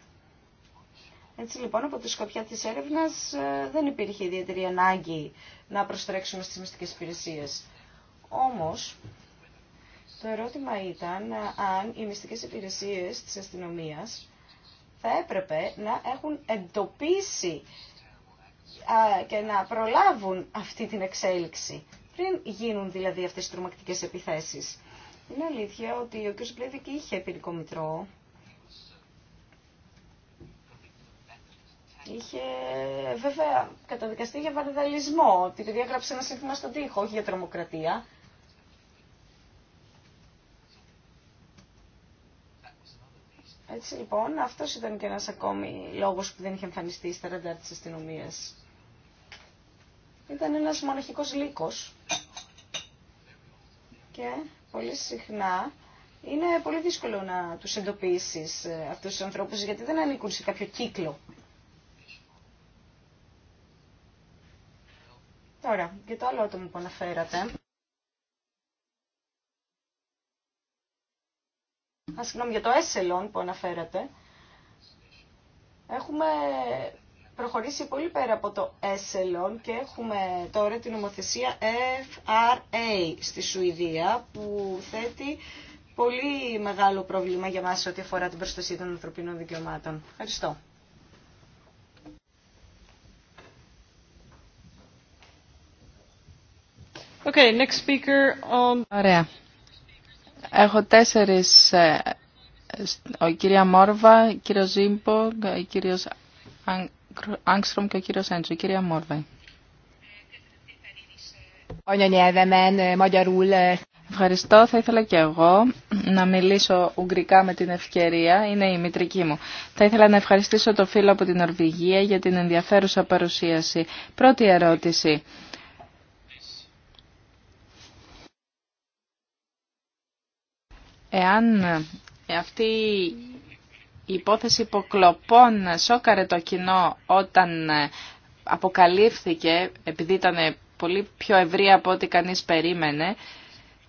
Έτσι λοιπόν από τη σκοπιά της έρευνας ε, δεν υπήρχε ιδιαίτερη ανάγκη να προστρέξουμε στις μυστικές υπηρεσίε. Όμως το ερώτημα ήταν ε, αν οι μυστικές υπηρεσίε της αστυνομίας θα έπρεπε να έχουν εντοπίσει και να προλάβουν αυτή την εξέλιξη πριν γίνουν δηλαδή αυτές οι τρομακτικές επιθέσεις. Είναι αλήθεια ότι ο κ. Πλέδικ είχε πυρικό μητρό είχε βέβαια καταδικαστεί για βανδαλισμό, ότι το διάγραψε ένα σύνθημα στον τοίχο, όχι για τρομοκρατία. Έτσι λοιπόν, αυτό ήταν και ένα ακόμη λόγο που δεν είχε εμφανιστεί στα ραντάρ τη αστυνομία. Ήταν ένα μοναχικό λύκο. και πολύ συχνά είναι πολύ δύσκολο να τους εντοπίσεις ε, αυτούς τους ανθρώπους γιατί δεν ανήκουν σε κάποιο κύκλο Τώρα, για το άλλο άτομο που αναφέρατε. Α, συγγνώμη, για το έσελον που αναφέρατε. Έχουμε προχωρήσει πολύ πέρα από το έσελον και έχουμε τώρα την νομοθεσία FRA στη Σουηδία που θέτει πολύ μεγάλο πρόβλημα για μας ό,τι αφορά την προστασία των ανθρωπίνων δικαιωμάτων. Ευχαριστώ. Okay, next speaker on... Ωραία. Έχω τέσσερις, ε, ο κυρία Μόρβα, ο κύριο Ζήμπο, ο κύριο Άγκστρομ και ο κύριος Η Κυρία Μόρβα. Ε, ε. Ευχαριστώ. Θα ήθελα και εγώ να μιλήσω ουγγρικά με την ευκαιρία. Είναι η μητρική μου. Θα ήθελα να ευχαριστήσω το φίλο από την Ορβηγία για την ενδιαφέρουσα παρουσίαση. Πρώτη ερώτηση. Εάν αυτή η υπόθεση υποκλοπών σόκαρε το κοινό όταν αποκαλύφθηκε, επειδή ήταν πολύ πιο ευρύ από ό,τι κανείς περίμενε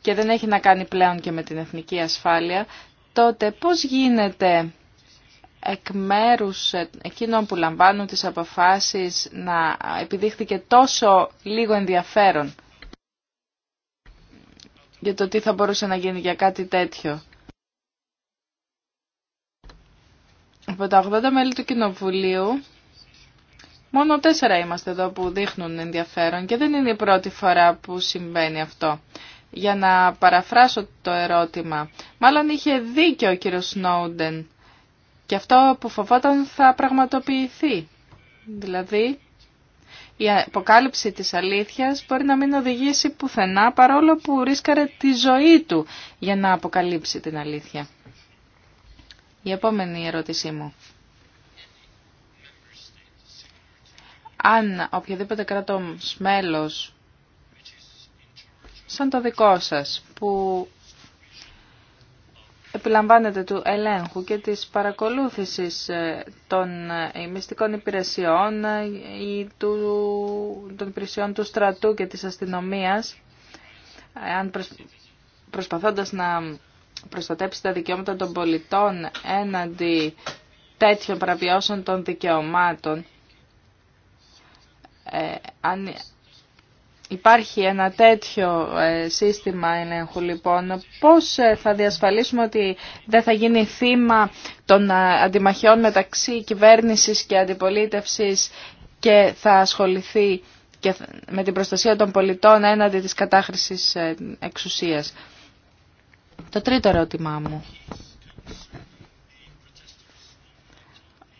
και δεν έχει να κάνει πλέον και με την εθνική ασφάλεια, τότε πώς γίνεται εκ μέρους εκείνων που λαμβάνουν τις αποφάσεις να επιδείχθηκε τόσο λίγο ενδιαφέρον για το τι θα μπορούσε να γίνει για κάτι τέτοιο. Από τα 80 μέλη του Κοινοβουλίου, μόνο τέσσερα είμαστε εδώ που δείχνουν ενδιαφέρον και δεν είναι η πρώτη φορά που συμβαίνει αυτό. Για να παραφράσω το ερώτημα, μάλλον είχε δίκιο ο κύριος Σνόουντεν και αυτό που φοβόταν θα πραγματοποιηθεί. Δηλαδή, η αποκάλυψη της αλήθειας μπορεί να μην οδηγήσει πουθενά παρόλο που ρίσκαρε τη ζωή του για να αποκαλύψει την αλήθεια. Η επόμενη ερώτησή μου. Αν οποιοδήποτε κράτος μέλος σαν το δικό σας που επιλαμβάνεται του ελέγχου και της παρακολούθησης ε, των ε, μυστικών υπηρεσιών ε, ή του, των υπηρεσιών του στρατού και της αστυνομίας, αν προσπαθώντας να προστατέψει τα δικαιώματα των πολιτών έναντι τέτοιων παραβιώσεων των δικαιωμάτων, αν Υπάρχει ένα τέτοιο ε, σύστημα ελέγχου λοιπόν. Πώς ε, θα διασφαλίσουμε ότι δεν θα γίνει θύμα των ε, αντιμαχιών μεταξύ κυβέρνησης και αντιπολίτευσης και θα ασχοληθεί με την προστασία των πολιτών έναντι της κατάχρησης εξουσίας. Το τρίτο ερώτημά μου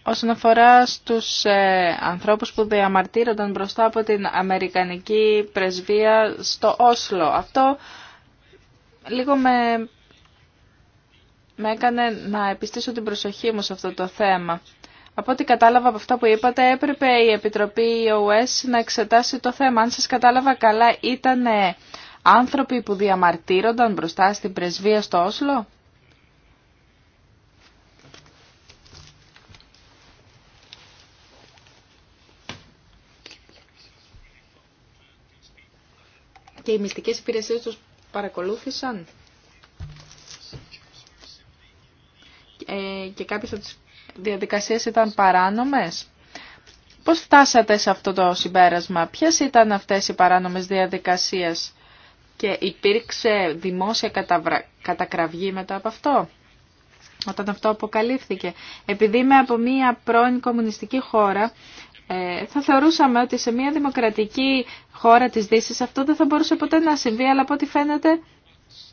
όσον αφορά στους ε, ανθρώπους που διαμαρτύρονταν μπροστά από την Αμερικανική Πρεσβεία στο Όσλο. Αυτό λίγο με, έκανε να επιστήσω την προσοχή μου σε αυτό το θέμα. Από ό,τι κατάλαβα από αυτά που είπατε, έπρεπε η Επιτροπή EOS να εξετάσει το θέμα. Αν σας κατάλαβα καλά, ήταν άνθρωποι που διαμαρτύρονταν μπροστά στην Πρεσβεία στο Όσλο. και οι μυστικές υπηρεσίες τους παρακολούθησαν. Ε, και κάποιες από τις διαδικασίες ήταν παράνομες. Πώς φτάσατε σε αυτό το συμπέρασμα, ποιες ήταν αυτές οι παράνομες διαδικασίες και υπήρξε δημόσια καταβρα... κατακραυγή μετά από αυτό, όταν αυτό αποκαλύφθηκε. Επειδή είμαι από μία πρώην κομμουνιστική χώρα, ε, θα θεωρούσαμε ότι σε μια δημοκρατική χώρα της Δύσης αυτό δεν θα μπορούσε ποτέ να συμβεί, αλλά από ό,τι φαίνεται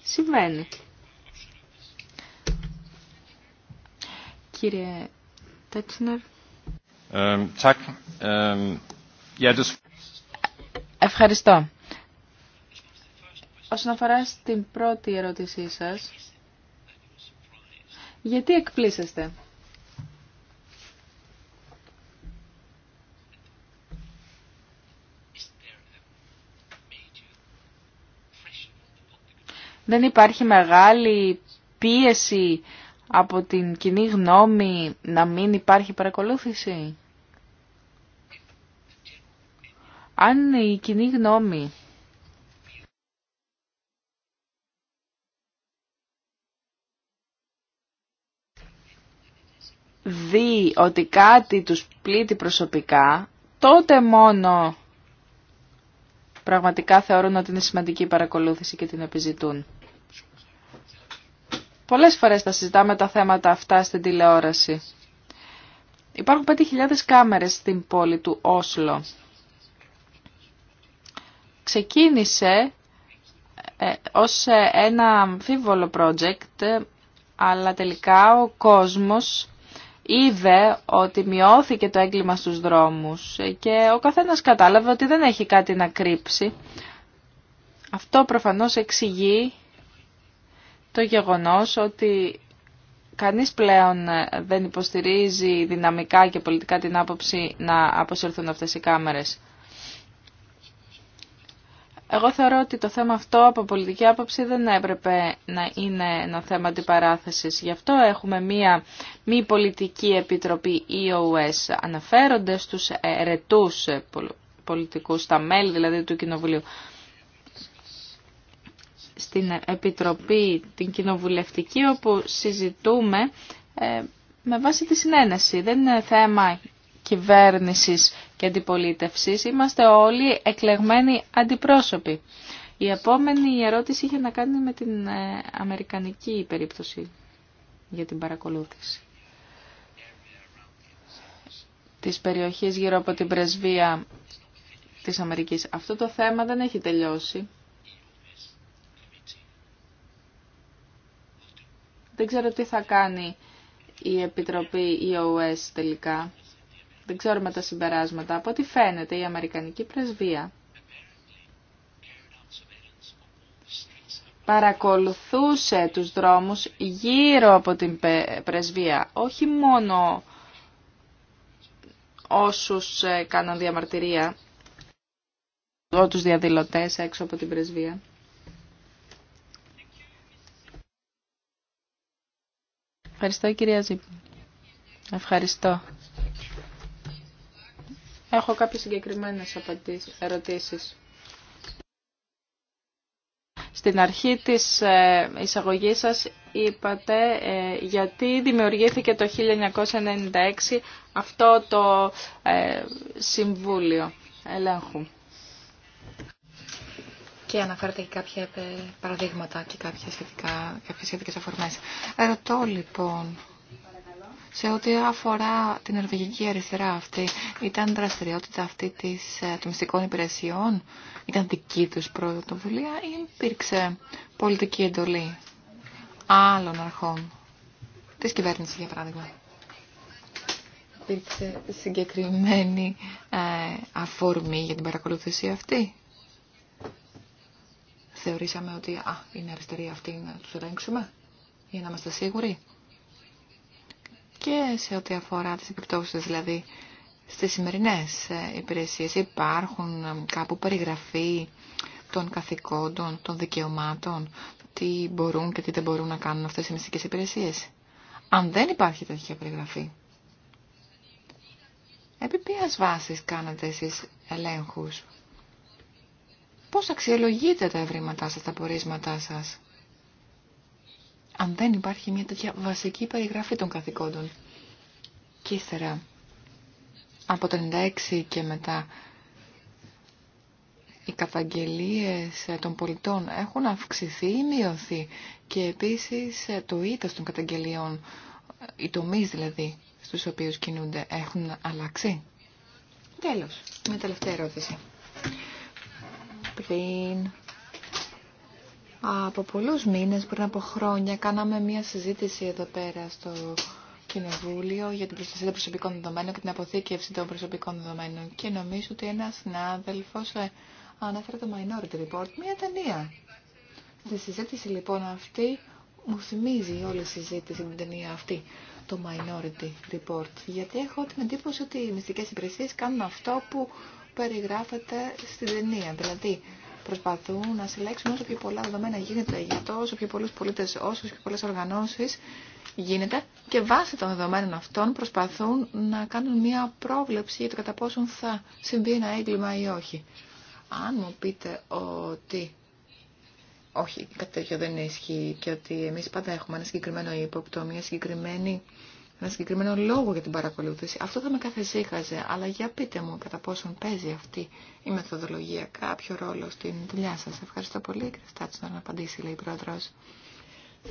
συμβαίνει. Κύριε Τέτσνερ. Ευχαριστώ. Όσον αφορά στην πρώτη ερώτησή σας, γιατί εκπλήσεστε. δεν υπάρχει μεγάλη πίεση από την κοινή γνώμη να μην υπάρχει παρακολούθηση. Αν η κοινή γνώμη δει ότι κάτι τους πλήττει προσωπικά, τότε μόνο πραγματικά θεωρούν ότι είναι σημαντική η παρακολούθηση και την επιζητούν. Πολλές φορές θα συζητάμε τα θέματα αυτά στην τηλεόραση. Υπάρχουν 5.000 κάμερες στην πόλη του Όσλο. Ξεκίνησε ε, ως ε, ένα αμφίβολο project, αλλά τελικά ο κόσμος είδε ότι μειώθηκε το έγκλημα στους δρόμους και ο καθένας κατάλαβε ότι δεν έχει κάτι να κρύψει. Αυτό προφανώς εξηγεί το γεγονός ότι κανείς πλέον δεν υποστηρίζει δυναμικά και πολιτικά την άποψη να αποσυρθούν αυτές οι κάμερες. Εγώ θεωρώ ότι το θέμα αυτό από πολιτική άποψη δεν έπρεπε να είναι ένα θέμα αντιπαράθεσης. Γι' αυτό έχουμε μία μη πολιτική επιτροπή EOS. Αναφέρονται στους ερετούς πολιτικούς, τα μέλη δηλαδή του Κοινοβουλίου στην Επιτροπή την Κοινοβουλευτική όπου συζητούμε ε, με βάση τη συνένεση. Δεν είναι θέμα κυβέρνησης και αντιπολίτευσης. Είμαστε όλοι εκλεγμένοι αντιπρόσωποι. Η επόμενη ερώτηση είχε να κάνει με την ε, αμερικανική περίπτωση για την παρακολούθηση της περιοχής γύρω από την πρεσβεία της Αμερικής. Αυτό το θέμα δεν έχει τελειώσει. Δεν ξέρω τι θα κάνει η Επιτροπή EOS τελικά. Δεν με τα συμπεράσματα. Από ό,τι φαίνεται η Αμερικανική Πρεσβεία παρακολουθούσε τους δρόμους γύρω από την πρεσβεία. Όχι μόνο όσους ε, κάναν διαμαρτυρία, τους διαδηλωτές έξω από την πρεσβεία. Ευχαριστώ κυρία Ζήπη. Ευχαριστώ. Έχω κάποιες συγκεκριμένες ερωτήσεις. Στην αρχή της ε, εισαγωγής σας είπατε ε, γιατί δημιουργήθηκε το 1996 αυτό το ε, Συμβούλιο Ελέγχου και αναφέρατε και κάποια παραδείγματα και κάποια σχετικά, κάποιες σχετικές αφορμές. Ερωτώ λοιπόν, σε ό,τι αφορά την νορβηγική αριστερά αυτή, ήταν δραστηριότητα αυτή της, ε, των μυστικών υπηρεσιών, ήταν δική τους πρωτοβουλία ή υπήρξε πολιτική εντολή άλλων αρχών, της κυβέρνησης για παράδειγμα. Υπήρξε συγκεκριμένη ε, αφορμή για την παρακολούθηση αυτή θεωρήσαμε ότι α, είναι αριστερή αυτή να τους ελέγξουμε για να είμαστε σίγουροι. Και σε ό,τι αφορά τις επιπτώσεις δηλαδή στις σημερινές ε, υπηρεσίες υπάρχουν ε, κάπου περιγραφή των καθηκόντων, των δικαιωμάτων, τι μπορούν και τι δεν μπορούν να κάνουν αυτές οι μυστικές υπηρεσίες. Αν δεν υπάρχει τέτοια περιγραφή, επί ποιας βάσης κάνετε εσείς ελέγχους Πώς αξιολογείτε τα ευρήματά σας, τα πορίσματά σας, αν δεν υπάρχει μια τέτοια βασική περιγραφή των καθηκόντων. Και ύστερα, από το 96 και μετά, οι καταγγελίες των πολιτών έχουν αυξηθεί ή μειωθεί και επίσης το ήτος των καταγγελιών, οι τομεί δηλαδή στους οποίους κινούνται έχουν αλλάξει. Τέλος, με τελευταία ερώτηση πριν από πολλούς μήνες, πριν από χρόνια, κάναμε μία συζήτηση εδώ πέρα στο Κοινοβούλιο για την προστασία των προσωπικών δεδομένων και την αποθήκευση των προσωπικών δεδομένων. Και νομίζω ότι ένας συνάδελφος ε, ανέφερε το Minority Report, μία ταινία. Στη συζήτηση λοιπόν αυτή μου θυμίζει όλη η συζήτηση την ταινία αυτή, το Minority Report. Γιατί έχω την εντύπωση ότι οι μυστικές υπηρεσίες κάνουν αυτό που περιγράφεται στην ταινία. Δηλαδή, προσπαθούν να συλλέξουν όσο πιο πολλά δεδομένα γίνεται για το όσο πιο πολλού πολίτε όσο πιο πολλέ οργανώσεις γίνεται και βάσει των δεδομένων αυτών προσπαθούν να κάνουν μια πρόβλεψη για το κατά πόσον θα συμβεί ένα έγκλημα ή όχι. Αν μου πείτε ότι όχι, κάτι τέτοιο δεν ισχύει και ότι εμείς πάντα έχουμε ένα συγκεκριμένο ύποπτο, μια συγκεκριμένη ένα συγκεκριμένο λόγο για την παρακολούθηση. Αυτό θα με καθεσύχαζε, αλλά για πείτε μου κατά πόσον παίζει αυτή η μεθοδολογία κάποιο ρόλο στην δουλειά Σα. Ευχαριστώ πολύ, κύριε να απαντήσει, λέει η πρόεδρο.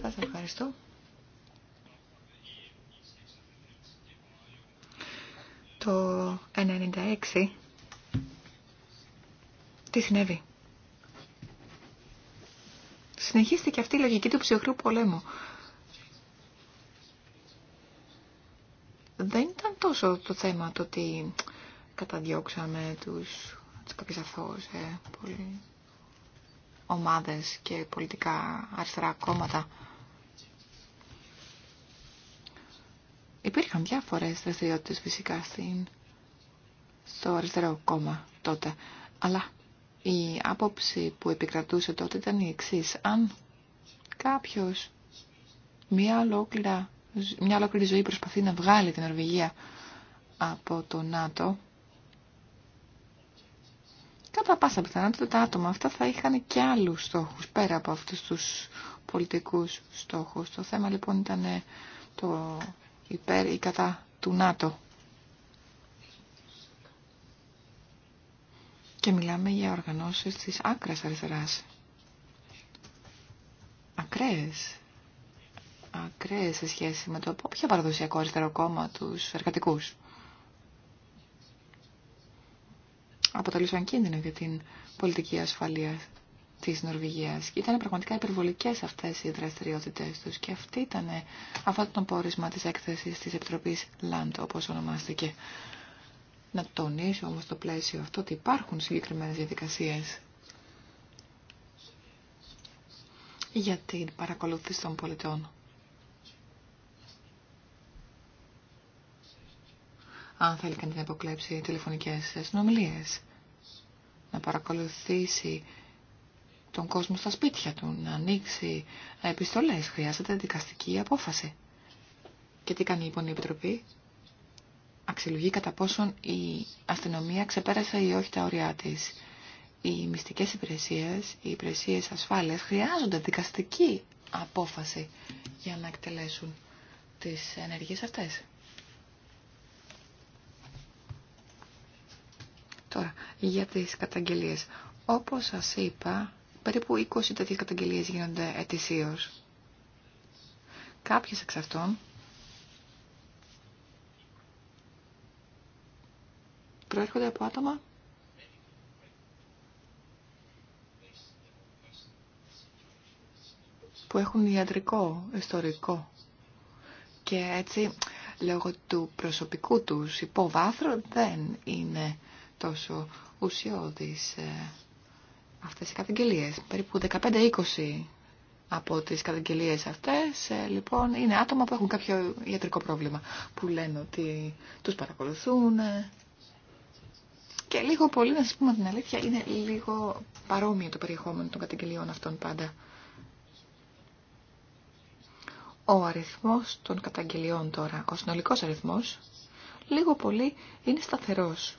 Σας ευχαριστώ. Το 1996, τι συνέβη. Συνεχίστηκε αυτή η λογική του ψυχρού πολέμου. δεν ήταν τόσο το θέμα το ότι καταδιώξαμε τους, τους κάποιες ομάδε πολύ, ομάδες και πολιτικά αριστερά κόμματα. Υπήρχαν διάφορες δραστηριότητε φυσικά στην, στο αριστερό κόμμα τότε. Αλλά η άποψη που επικρατούσε τότε ήταν η εξή. Αν κάποιος μία ολόκληρα μια ολόκληρη ζωή προσπαθεί να βγάλει την Νορβηγία από το ΝΑΤΟ, κατά πάσα πιθανότητα τα άτομα αυτά θα είχαν και άλλους στόχους πέρα από αυτούς τους πολιτικούς στόχους. Το θέμα λοιπόν ήταν ε, το υπέρ ή κατά του ΝΑΤΟ. Και μιλάμε για οργανώσεις της άκρας αριστεράς. Ακραίες ακραίε σε σχέση με το από παραδοσιακό αριστερό κόμμα του εργατικού. Αποτελούσαν κίνδυνο για την πολιτική ασφαλεία τη Νορβηγία. ήταν πραγματικά υπερβολικέ αυτέ οι δραστηριότητε του. και αυτή ήταν αυτό το πόρισμα τη έκθεση τη Επιτροπή Λάντ όπω ονομάστηκε. Να τονίσω όμω το πλαίσιο αυτό ότι υπάρχουν συγκεκριμένε διαδικασίε. για την παρακολούθηση των πολιτών. αν θέλει κανείς να υποκλέψει τηλεφωνικές συνομιλίες, να παρακολουθήσει τον κόσμο στα σπίτια του, να ανοίξει επιστολές, χρειάζεται δικαστική απόφαση. Και τι κάνει λοιπόν η Επιτροπή, αξιολογεί κατά πόσον η αστυνομία ξεπέρασε ή όχι τα ωριά της. Οι μυστικές υπηρεσίες, οι υπηρεσίες ασφάλειας χρειάζονται δικαστική απόφαση για να εκτελέσουν τις ενεργείες αυτές. για τις καταγγελίες. Όπως σας είπα, περίπου 20 τέτοιες καταγγελίες γίνονται ετησίως. Κάποιες εξ αυτών προέρχονται από άτομα που έχουν ιατρικό ιστορικό και έτσι λόγω του προσωπικού τους υποβάθρου δεν είναι τόσο ουσιώδεις ε, αυτές οι καταγγελίες. Περίπου 15-20 από τις καταγγελίες αυτές, ε, λοιπόν, είναι άτομα που έχουν κάποιο ιατρικό πρόβλημα, που λένε ότι τους παρακολουθούν. Ε, και λίγο πολύ, να σας πούμε την αλήθεια, είναι λίγο παρόμοιο το περιεχόμενο των καταγγελιών αυτών πάντα. Ο αριθμός των καταγγελιών τώρα, ο συνολικός αριθμός, λίγο πολύ είναι σταθερός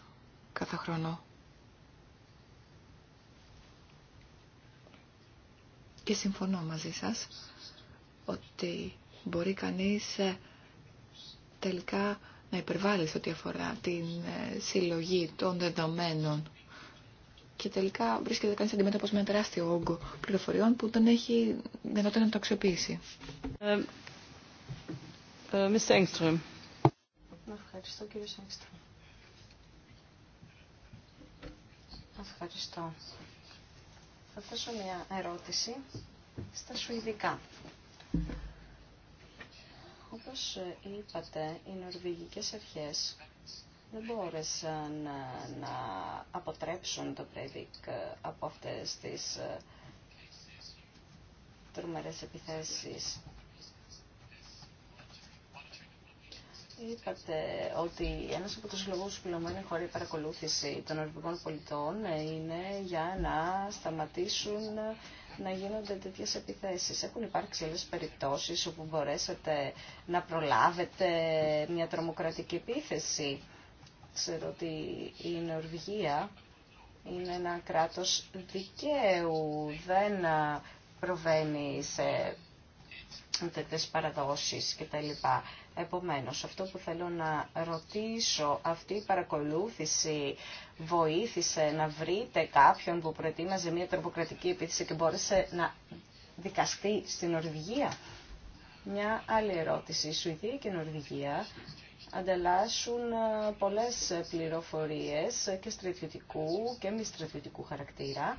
κάθε χρόνο. Και συμφωνώ μαζί σας ότι μπορεί κανείς ε, τελικά να υπερβάλλει σε ό,τι αφορά την ε, συλλογή των δεδομένων και τελικά βρίσκεται κανείς αντιμέτωπος με ένα τεράστιο όγκο πληροφοριών που δεν έχει δυνατότητα να το αξιοποιήσει. Ε, ευχαριστώ κύριε Ευχαριστώ. Θα θέσω μια ερώτηση στα σουηδικά. Όπως ε, είπατε, οι νορβηγικές αρχές δεν μπόρεσαν ε, να αποτρέψουν το Πρέδικ ε, από αυτές τις τρομερές επιθέσεις. Είπατε ότι ένας από τους λόγους που λαμβάνει η παρακολούθηση των νορβηγών πολιτών ε, είναι για να σταματήσουν να γίνονται τέτοιες επιθέσεις. Έχουν υπάρξει άλλες περιπτώσεις όπου μπορέσατε να προλάβετε μια τρομοκρατική επίθεση. Ξέρω ότι η Νορβηγία είναι ένα κράτος δικαίου, δεν προβαίνει σε τέτοιες παραδόσεις κτλ. Επομένως, αυτό που θέλω να ρωτήσω, αυτή η παρακολούθηση βοήθησε να βρείτε κάποιον που προετοίμαζε μια τροποκρατική επίθεση και μπόρεσε να δικαστεί στην Ορβηγία. Μια άλλη ερώτηση. Η Σουηδία και η Νορβηγία ανταλλάσσουν ε, πολλές πληροφορίες και στρατιωτικού και μη στρατιωτικού χαρακτήρα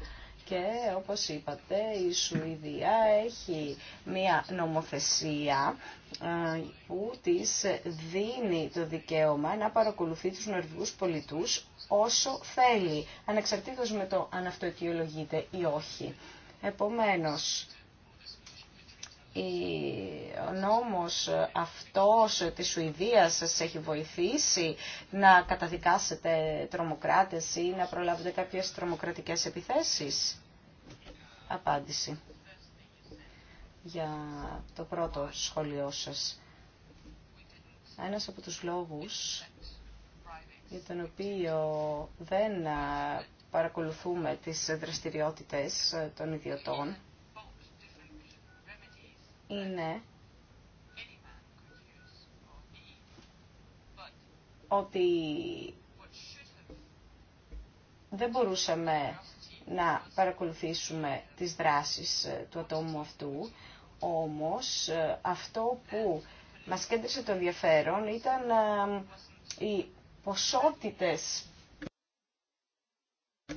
και όπως είπατε η Σουηδία έχει μια νομοθεσία ε, που της δίνει το δικαίωμα να παρακολουθεί τους νορβηγούς πολιτούς όσο θέλει, ανεξαρτήτως με το αν αυτό ή όχι. Επομένως, ο νόμος αυτός της Σουηδίας σας έχει βοηθήσει να καταδικάσετε τρομοκράτες ή να προλάβετε κάποιες τρομοκρατικές επιθέσεις. Απάντηση για το πρώτο σχόλιο σας. Ένας από τους λόγους για τον οποίο δεν παρακολουθούμε τις δραστηριότητες των ιδιωτών είναι ότι δεν μπορούσαμε να παρακολουθήσουμε τις δράσεις του ατόμου αυτού, όμως ε, αυτό που μας κέντρισε το ενδιαφέρον ήταν ε, οι ποσότητες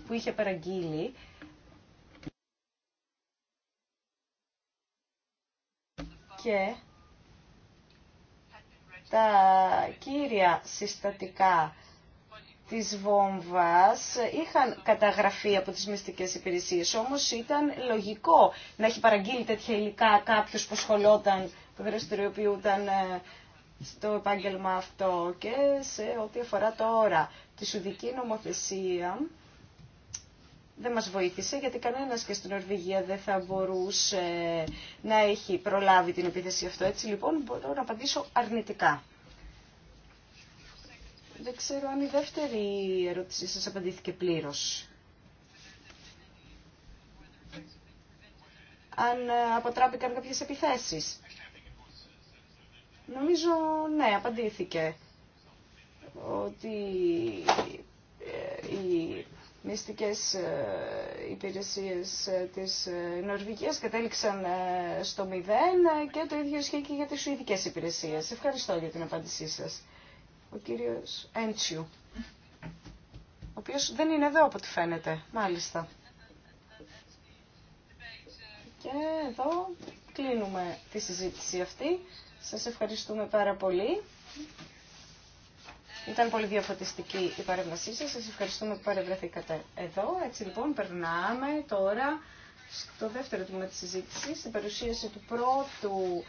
που είχε παραγγείλει και τα κύρια συστατικά της βόμβας είχαν καταγραφεί από τις μυστικές υπηρεσίες, όμως ήταν λογικό να έχει παραγγείλει τέτοια υλικά κάποιος που σχολόταν, που δραστηριοποιούταν ε, στο επάγγελμα αυτό και σε ό,τι αφορά τώρα τη σουδική νομοθεσία δεν μας βοήθησε γιατί κανένας και στην Νορβηγία δεν θα μπορούσε να έχει προλάβει την επίθεση αυτό. Έτσι λοιπόν μπορώ να απαντήσω αρνητικά. Δεν ξέρω αν η δεύτερη ερώτησή σας απαντήθηκε πλήρως. Αν ε, αποτράπηκαν κάποιες επιθέσεις. Νομίζω ναι, απαντήθηκε ότι ε, μυστικές ε, υπηρεσίες ε, της ε, Νορβηγίας κατέληξαν στο μηδέν και το ίδιο ισχύει και για τις Σουηδικές υπηρεσίες. Ευχαριστώ για την απάντησή σας. Ο κύριος Έντσιου, ο οποίος δεν είναι εδώ από ό,τι φαίνεται, μάλιστα. Και εδώ κλείνουμε τη συζήτηση αυτή. Σας ευχαριστούμε πάρα πολύ. Ήταν πολύ διαφωτιστική η παρέμβασή σας. Σας ευχαριστούμε που παρευρεθήκατε εδώ. Έτσι λοιπόν περνάμε τώρα στο δεύτερο τμήμα της συζήτησης, στην παρουσίαση του πρώτου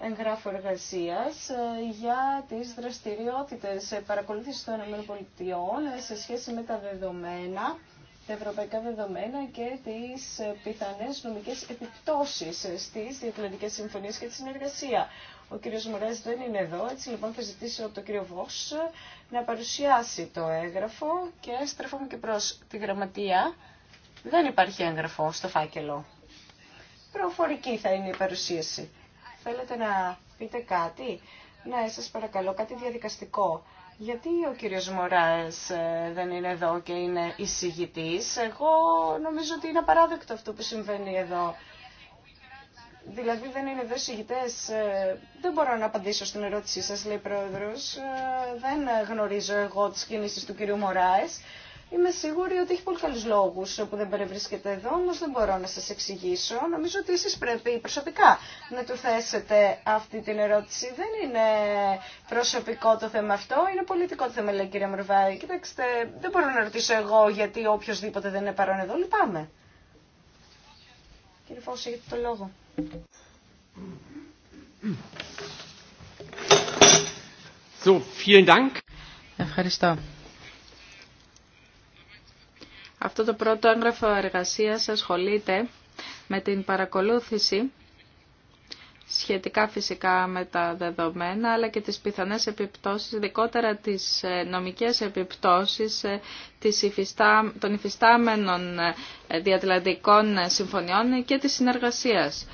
εγγράφου εργασία ε, για τις δραστηριότητες παρακολούθησης των ΗΠΑ ε, σε σχέση με τα δεδομένα, τα ευρωπαϊκά δεδομένα και τις ε, πιθανές νομικές επιπτώσεις στις διεθνωτικές συμφωνίες και τη συνεργασία. Ο κύριος Μουρές δεν είναι εδώ, έτσι λοιπόν θα ζητήσω από τον κύριο Βόξ να παρουσιάσει το έγγραφο και στρέφομαι και προς τη γραμματεία. Δεν υπάρχει έγγραφο στο φάκελο. Προφορική θα είναι η παρουσίαση. Θέλετε να πείτε κάτι. Ναι, σας παρακαλώ, κάτι διαδικαστικό. Γιατί ο κύριος Μωράες ε, δεν είναι εδώ και είναι εισηγητής. Εγώ νομίζω ότι είναι απαράδεκτο αυτό που συμβαίνει εδώ. Δηλαδή δεν είναι εδώ συγητέ. Ε, δεν μπορώ να απαντήσω στην ερώτησή σα, λέει πρόεδρο. Ε, δεν γνωρίζω εγώ τι κινήσει του κυρίου Μωράε. Είμαι σίγουρη ότι έχει πολύ καλού λόγου που δεν παρευρίσκεται εδώ, όμω δεν μπορώ να σα εξηγήσω. Νομίζω ότι εσεί πρέπει προσωπικά να του θέσετε αυτή την ερώτηση. Δεν είναι προσωπικό το θέμα αυτό, είναι πολιτικό το θέμα, λέει κυρία Μορβάη. Κοιτάξτε, δεν μπορώ να ρωτήσω εγώ γιατί οποιοδήποτε δεν είναι παρόν εδώ. Λυπάμαι. Κύριε Φώση, το λόγο. So, vielen Dank. Ευχαριστώ. Αυτό το πρώτο έγγραφο εργασίας ασχολείται με την παρακολούθηση σχετικά φυσικά με τα δεδομένα, αλλά και τις πιθανές επιπτώσεις, ειδικότερα τις ε, νομικές επιπτώσεις ε, των υφιστάμενων ε, διατλαντικών συμφωνιών και της συνεργασίας.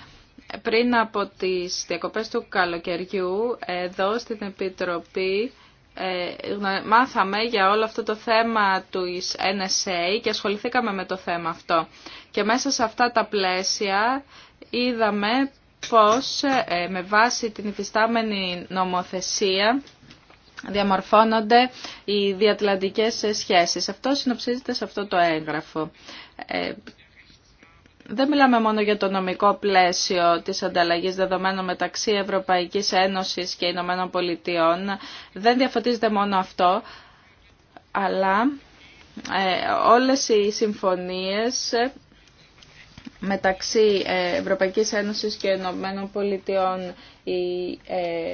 Πριν από τις διακοπές του καλοκαιριού, εδώ στην Επιτροπή ε, μάθαμε για όλο αυτό το θέμα του NSA και ασχοληθήκαμε με το θέμα αυτό. Και μέσα σε αυτά τα πλαίσια είδαμε πως ε, με βάση την υφιστάμενη νομοθεσία διαμορφώνονται οι διατλαντικές ε, σχέσεις. Αυτό συνοψίζεται σε αυτό το έγγραφο δεν μιλάμε μόνο για το νομικό πλαίσιο της ανταλλαγής δεδομένων μεταξύ Ευρωπαϊκής Ένωσης και Ηνωμένων Πολιτειών. Δεν διαφωτίζεται μόνο αυτό, αλλά ε, όλες οι συμφωνίες μεταξύ ε, Ευρωπαϊκής Ένωσης και Ηνωμένων Πολιτειών, η ε,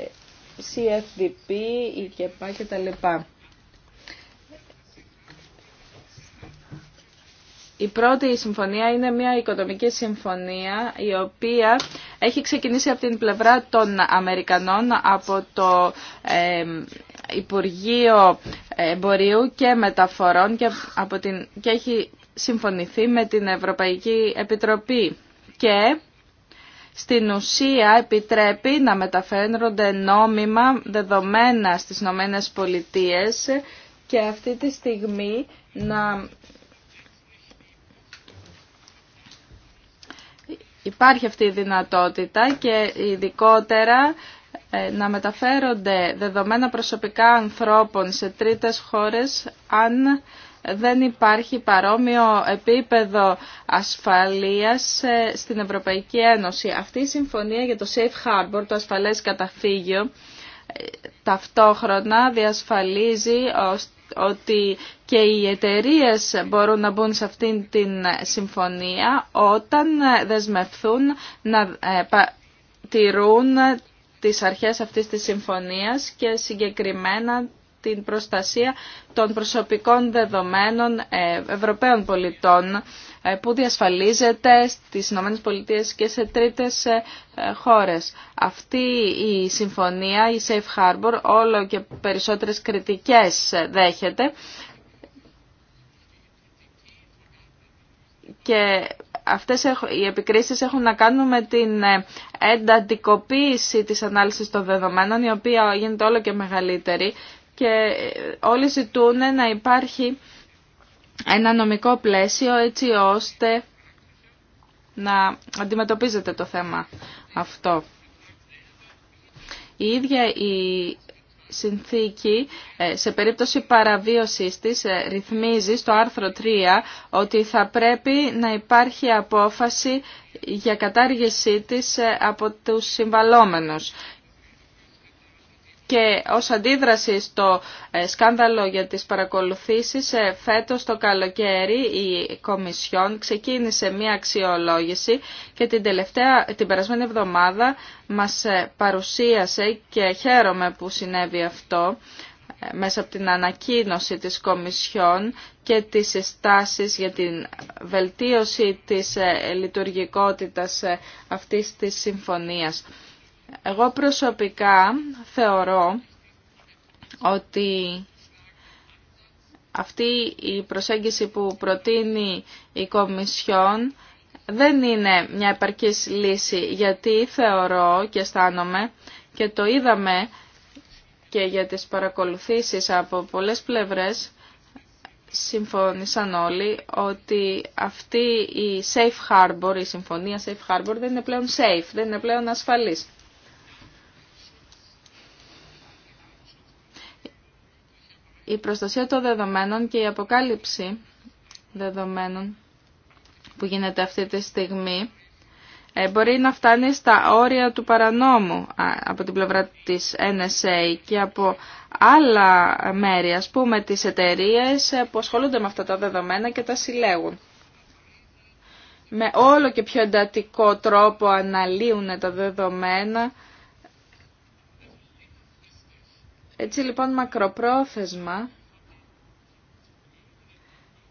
CFDP, η ΚΕΠΑ κτλ. Η πρώτη συμφωνία είναι μια οικονομική συμφωνία η οποία έχει ξεκινήσει από την πλευρά των Αμερικανών από το Υπουργείο Εμπορίου και Μεταφορών και, από έχει συμφωνηθεί με την Ευρωπαϊκή Επιτροπή και στην ουσία επιτρέπει να μεταφέρονται νόμιμα δεδομένα στις Ηνωμένε Πολιτείες και αυτή τη στιγμή να υπάρχει αυτή η δυνατότητα και ειδικότερα ε, να μεταφέρονται δεδομένα προσωπικά ανθρώπων σε τρίτες χώρες αν δεν υπάρχει παρόμοιο επίπεδο ασφαλείας ε, στην Ευρωπαϊκή Ένωση. Αυτή η συμφωνία για το Safe Harbor, το ασφαλές καταφύγιο, ε, ταυτόχρονα διασφαλίζει ότι και οι εταιρείε μπορούν να μπουν σε αυτήν την συμφωνία όταν δεσμευθούν να ε, τηρούν τις αρχές αυτής της συμφωνίας και συγκεκριμένα την προστασία των προσωπικών δεδομένων ε, Ευρωπαίων πολιτών ε, που διασφαλίζεται στις ΗΠΑ και σε τρίτες ε, ε, χώρες. Αυτή η συμφωνία, η Safe Harbor, όλο και περισσότερες κριτικές δέχεται και αυτές οι επικρίσεις έχουν να κάνουν με την εντατικοποίηση της ανάλυσης των δεδομένων, η οποία γίνεται όλο και μεγαλύτερη και όλοι ζητούν να υπάρχει ένα νομικό πλαίσιο έτσι ώστε να αντιμετωπίζετε το θέμα αυτό. Η ίδια η συνθήκη ε, σε περίπτωση παραβίωσης της ε, ρυθμίζει στο άρθρο 3 ότι θα πρέπει να υπάρχει απόφαση για κατάργησή της ε, από τους συμβαλόμενους και ως αντίδραση στο ε, σκάνδαλο για τις παρακολουθήσεις ε, φέτος το καλοκαίρι η Κομισιόν ξεκίνησε μια αξιολόγηση και την, τελευταία, την περασμένη εβδομάδα μας ε, παρουσίασε και χαίρομαι που συνέβη αυτό μέσα από την ανακοίνωση της Κομισιόν και τις συστάσεις για την βελτίωση της λειτουργικότητας αυτής της συμφωνίας. Εγώ προσωπικά θεωρώ ότι αυτή η προσέγγιση που προτείνει η Κομισιόν δεν είναι μια επαρκής λύση γιατί θεωρώ και αισθάνομαι και το είδαμε και για τις παρακολουθήσεις από πολλές πλευρές συμφώνησαν όλοι ότι αυτή η safe harbor, η συμφωνία safe harbor δεν είναι πλέον safe, δεν είναι πλέον ασφαλής. η προστασία των δεδομένων και η αποκάλυψη δεδομένων που γίνεται αυτή τη στιγμή ε, μπορεί να φτάνει στα όρια του παρανόμου από την πλευρά της NSA και από άλλα μέρη, ας πούμε τις εταιρείες ε, που ασχολούνται με αυτά τα δεδομένα και τα συλλέγουν. Με όλο και πιο εντατικό τρόπο αναλύουν τα δεδομένα έτσι λοιπόν μακροπρόθεσμα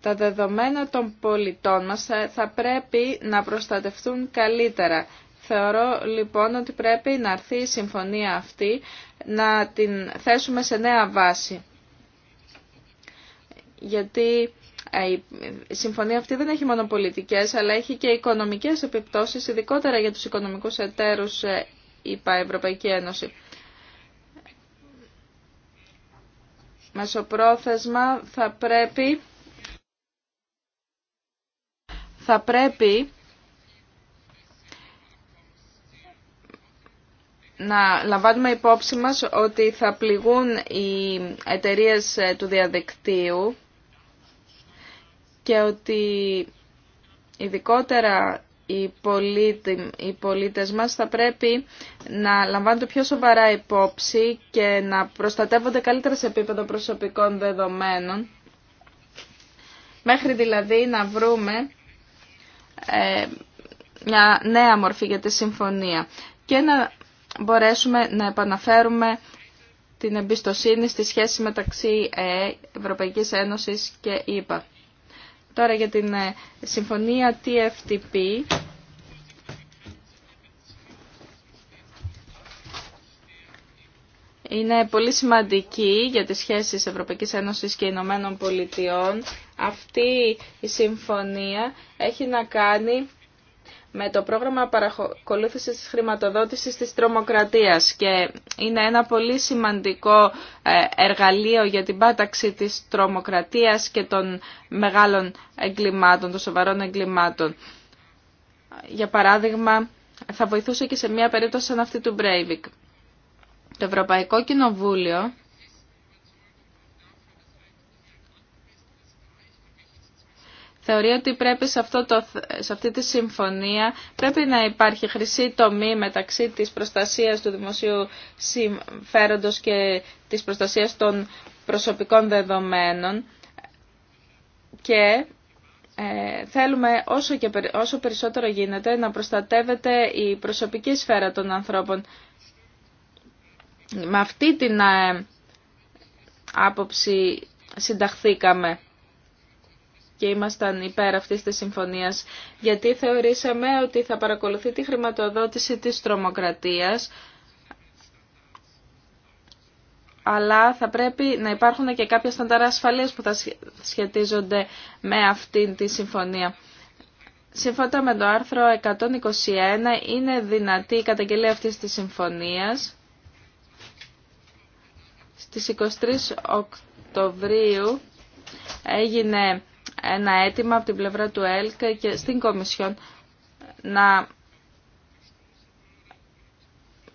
τα δεδομένα των πολιτών μας θα πρέπει να προστατευτούν καλύτερα. Θεωρώ λοιπόν ότι πρέπει να έρθει η συμφωνία αυτή, να την θέσουμε σε νέα βάση. Γιατί ε, η συμφωνία αυτή δεν έχει μόνο πολιτικές, αλλά έχει και οικονομικές επιπτώσεις, ειδικότερα για τους οικονομικούς εταίρους, ε, είπα Ευρωπαϊκή Ένωση. μεσοπρόθεσμα θα πρέπει θα πρέπει να λαμβάνουμε υπόψη μας ότι θα πληγούν οι εταιρείες ε, του διαδικτύου και ότι ειδικότερα οι, πολίτε οι πολίτες μας θα πρέπει να λαμβάνονται πιο σοβαρά υπόψη και να προστατεύονται καλύτερα σε επίπεδο προσωπικών δεδομένων, μέχρι δηλαδή να βρούμε ε, μια νέα μορφή για τη συμφωνία και να μπορέσουμε να επαναφέρουμε την εμπιστοσύνη στη σχέση μεταξύ ΕΕ, Ευρωπαϊκής Ένωσης και ΕΠΑ. Τώρα για την ε, συμφωνία TFTP. Είναι πολύ σημαντική για τις σχέσεις Ευρωπαϊκής Ένωσης και Ηνωμένων Πολιτειών. Αυτή η συμφωνία έχει να κάνει με το πρόγραμμα παρακολούθησης της χρηματοδότησης της τρομοκρατίας και είναι ένα πολύ σημαντικό ε, εργαλείο για την πάταξη της τρομοκρατίας και των μεγάλων εγκλημάτων, των σοβαρών εγκλημάτων. Για παράδειγμα, θα βοηθούσε και σε μια περίπτωση σαν αυτή του Μπρέιβικ. Το Ευρωπαϊκό Κοινοβούλιο Θεωρεί ότι πρέπει σε, αυτό το, σε αυτή τη συμφωνία πρέπει να υπάρχει χρυσή τομή μεταξύ της προστασίας του δημοσίου συμφέροντος και της προστασίας των προσωπικών δεδομένων και ε, θέλουμε όσο, και, όσο περισσότερο γίνεται να προστατεύεται η προσωπική σφαίρα των ανθρώπων. Με αυτή την ε, άποψη συνταχθήκαμε και ήμασταν υπέρ αυτής της συμφωνίας, γιατί θεωρήσαμε ότι θα παρακολουθεί τη χρηματοδότηση της τρομοκρατίας, αλλά θα πρέπει να υπάρχουν και κάποια στανταρά ασφαλείας που θα σχετίζονται με αυτήν τη συμφωνία. Σύμφωνα με το άρθρο 121 είναι δυνατή η καταγγελία αυτής της συμφωνίας. Στις 23 Οκτωβρίου έγινε ένα αίτημα από την πλευρά του ΕΛΚ και στην Κομισιόν να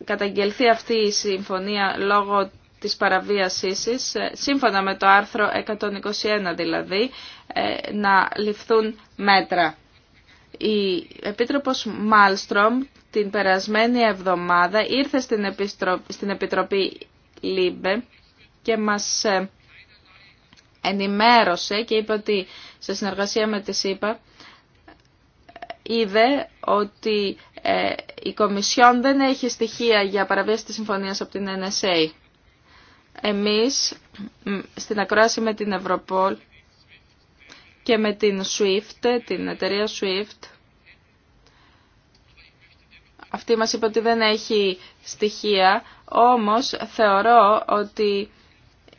καταγγελθεί αυτή η συμφωνία λόγω της παραβίασής της, ε, σύμφωνα με το άρθρο 121 δηλαδή, ε, να ληφθούν μέτρα. Η Επίτροπος Μάλστρομ την περασμένη εβδομάδα ήρθε στην Επιτροπή ΛΥΜΠΕ και μας ε, ενημέρωσε και είπε ότι σε συνεργασία με τη ΣΥΠΑ είδε ότι ε, η Κομισιόν δεν έχει στοιχεία για παραβίαση της συμφωνίας από την NSA. Εμείς στην ακρόαση με την Ευρωπόλ και με την SWIFT, την εταιρεία SWIFT, αυτή μας είπε ότι δεν έχει στοιχεία, όμως θεωρώ ότι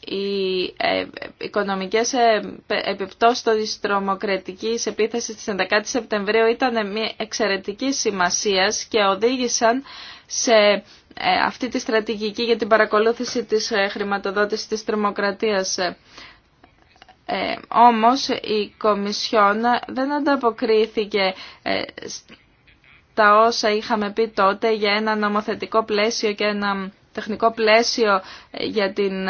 οι ε, οικονομικές ε, επιπτώσεις της τρομοκρατικής επίθεση της 11 Σεπτεμβρίου ήταν μια εξαιρετική σημασίας και οδήγησαν σε ε, αυτή τη στρατηγική για την παρακολούθηση της χρηματοδότησης της τρομοκρατίας. Όμως η Κομισιόν δεν ανταποκρίθηκε τα όσα είχαμε πει τότε για ένα νομοθετικό πλαίσιο και ένα τεχνικό πλαίσιο για την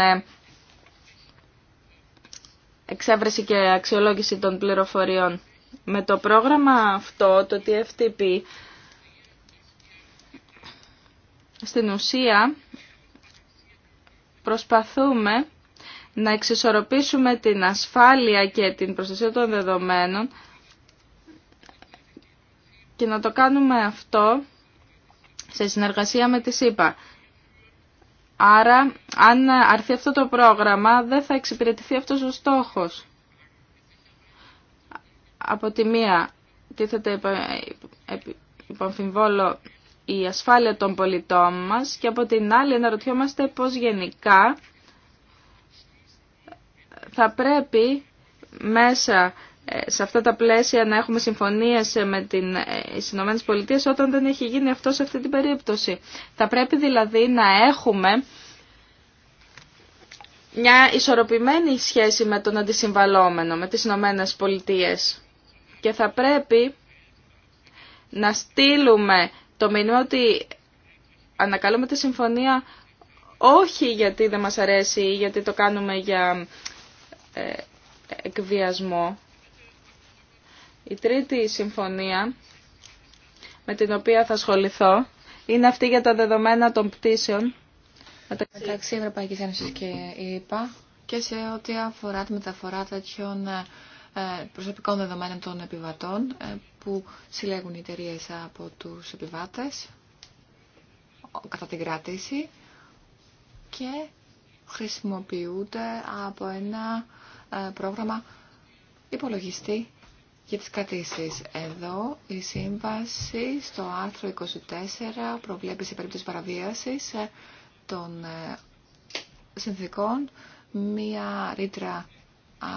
εξέβρεση και αξιολόγηση των πληροφοριών. Με το πρόγραμμα αυτό, το TFTP, στην ουσία προσπαθούμε να εξισορροπήσουμε την ασφάλεια και την προστασία των δεδομένων και να το κάνουμε αυτό σε συνεργασία με τη ΣΥΠΑ. Άρα, αν αρθεί αυτό το πρόγραμμα, δεν θα εξυπηρετηθεί αυτός ο στόχος. Από τη μία, τίθεται υποαμφιβόλο η ασφάλεια των πολιτών μας και από την άλλη αναρωτιόμαστε πώς γενικά θα πρέπει μέσα σε αυτά τα πλαίσια να έχουμε συμφωνίες με ε, τις Ηνωμένες Πολιτείες όταν δεν έχει γίνει αυτό σε αυτή την περίπτωση. Θα πρέπει δηλαδή να έχουμε μια ισορροπημένη σχέση με τον αντισυμβαλόμενο, με τις Ηνωμένες Πολιτείες. Και θα πρέπει να στείλουμε το μήνυμα ότι ανακαλούμε τη συμφωνία όχι γιατί δεν μας αρέσει ή γιατί το κάνουμε για ε, εκβιασμό. Η τρίτη συμφωνία με την οποία θα ασχοληθώ είναι αυτή για τα δεδομένα των πτήσεων μεταξύ Ευρωπαϊκή Ένωση και ΕΠΑ και σε ό,τι αφορά τη μεταφορά τέτοιων ε, προσωπικών δεδομένων των επιβατών ε, που συλλέγουν οι εταιρείε από τους επιβάτες κατά την κράτηση και χρησιμοποιούνται από ένα ε, πρόγραμμα υπολογιστή για τις κατήσεις εδώ η σύμβαση στο άρθρο 24 προβλέπει σε περίπτωση παραβίασης ε, των ε, συνθήκων μία ρήτρα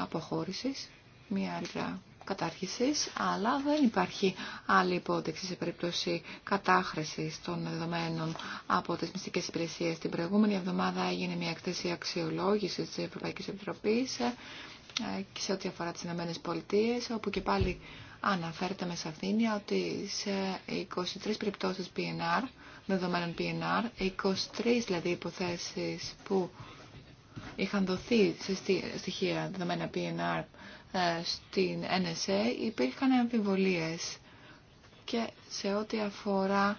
αποχώρησης, μία ρήτρα κατάρχησης, αλλά δεν υπάρχει άλλη υπόδειξη σε περίπτωση κατάχρησης των δεδομένων από τις μυστικές υπηρεσίες. Την προηγούμενη εβδομάδα έγινε μια εκθέση αξιολόγησης της Ευρωπαϊκής Επιτροπής ε, ε, σε ό,τι αφορά τις Ηνωμένες Πολιτείες, όπου και πάλι αναφέρεται με σαφήνεια ότι σε 23 περιπτώσεις PNR, δεδομένων PNR, 23 δηλαδή υποθέσεις που είχαν δοθεί σε στοιχεία δεδομένα PNR ε, στην NSA, υπήρχαν αμφιβολίες και σε ό,τι αφορά,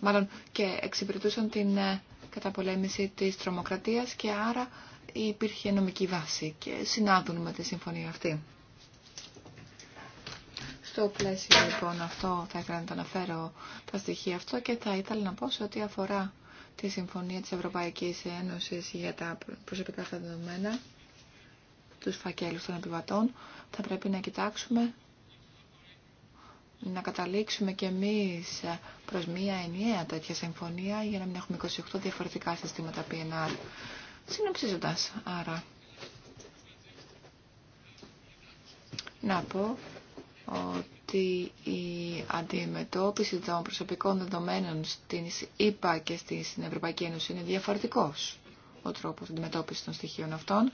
μάλλον και εξυπηρετούσαν την ε, καταπολέμηση της τρομοκρατίας και άρα υπήρχε νομική βάση και συνάδουν με τη συμφωνία αυτή. Στο πλαίσιο λοιπόν αυτό θα ήθελα να αναφέρω τα στοιχεία αυτό και θα ήθελα να πω σε ό,τι αφορά τη Συμφωνία της Ευρωπαϊκής Ένωσης για τα προσωπικά αυτά δεδομένα, τους φακέλους των επιβατών, θα πρέπει να κοιτάξουμε να καταλήξουμε κι εμείς προς μία ενιαία τέτοια συμφωνία για να μην έχουμε 28 διαφορετικά συστήματα PNR. Συνοψίζοντας, άρα, να πω ότι η αντιμετώπιση των προσωπικών δεδομένων στην ΕΠΑ και στην Ευρωπαϊκή Ένωση είναι διαφορετικός ο τρόπος αντιμετώπισης των στοιχείων αυτών.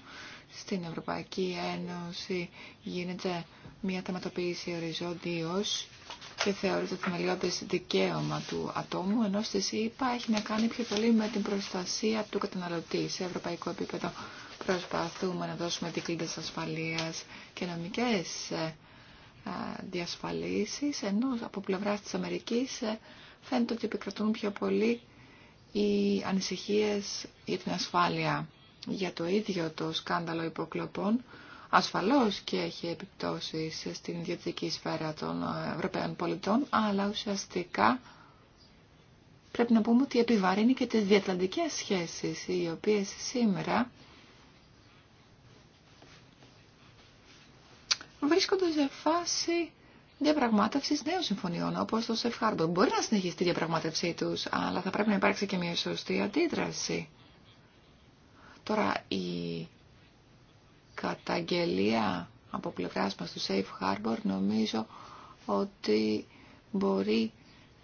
Στην Ευρωπαϊκή Ένωση γίνεται μια θεματοποίηση οριζόντιος και θεωρείται θεμελιώδες δικαίωμα του ατόμου, ενώ στη ΣΥΠΑ έχει να κάνει πιο πολύ με την προστασία του καταναλωτή. Σε ευρωπαϊκό επίπεδο προσπαθούμε να δώσουμε δικλείδες ασφαλείας και νομικές ε, διασφαλίσεις, ενώ από πλευράς της Αμερικής ε, φαίνεται ότι επικρατούν πιο πολύ οι ανησυχίες για την ασφάλεια. Για το ίδιο το σκάνδαλο υποκλοπών, ασφαλώς και έχει επιπτώσεις στην ιδιωτική σφαίρα των ε, Ευρωπαίων πολιτών, αλλά ουσιαστικά πρέπει να πούμε ότι επιβαρύνει και τις διατλαντικές σχέσεις, οι οποίες σήμερα βρίσκονται σε φάση διαπραγμάτευσης νέων συμφωνιών, όπως το Safe Μπορεί να συνεχίσει τη διαπραγμάτευσή τους, αλλά θα πρέπει να υπάρξει και μια σωστή αντίδραση. Τώρα, η καταγγελία από πλευράς μας του Safe Harbor νομίζω ότι μπορεί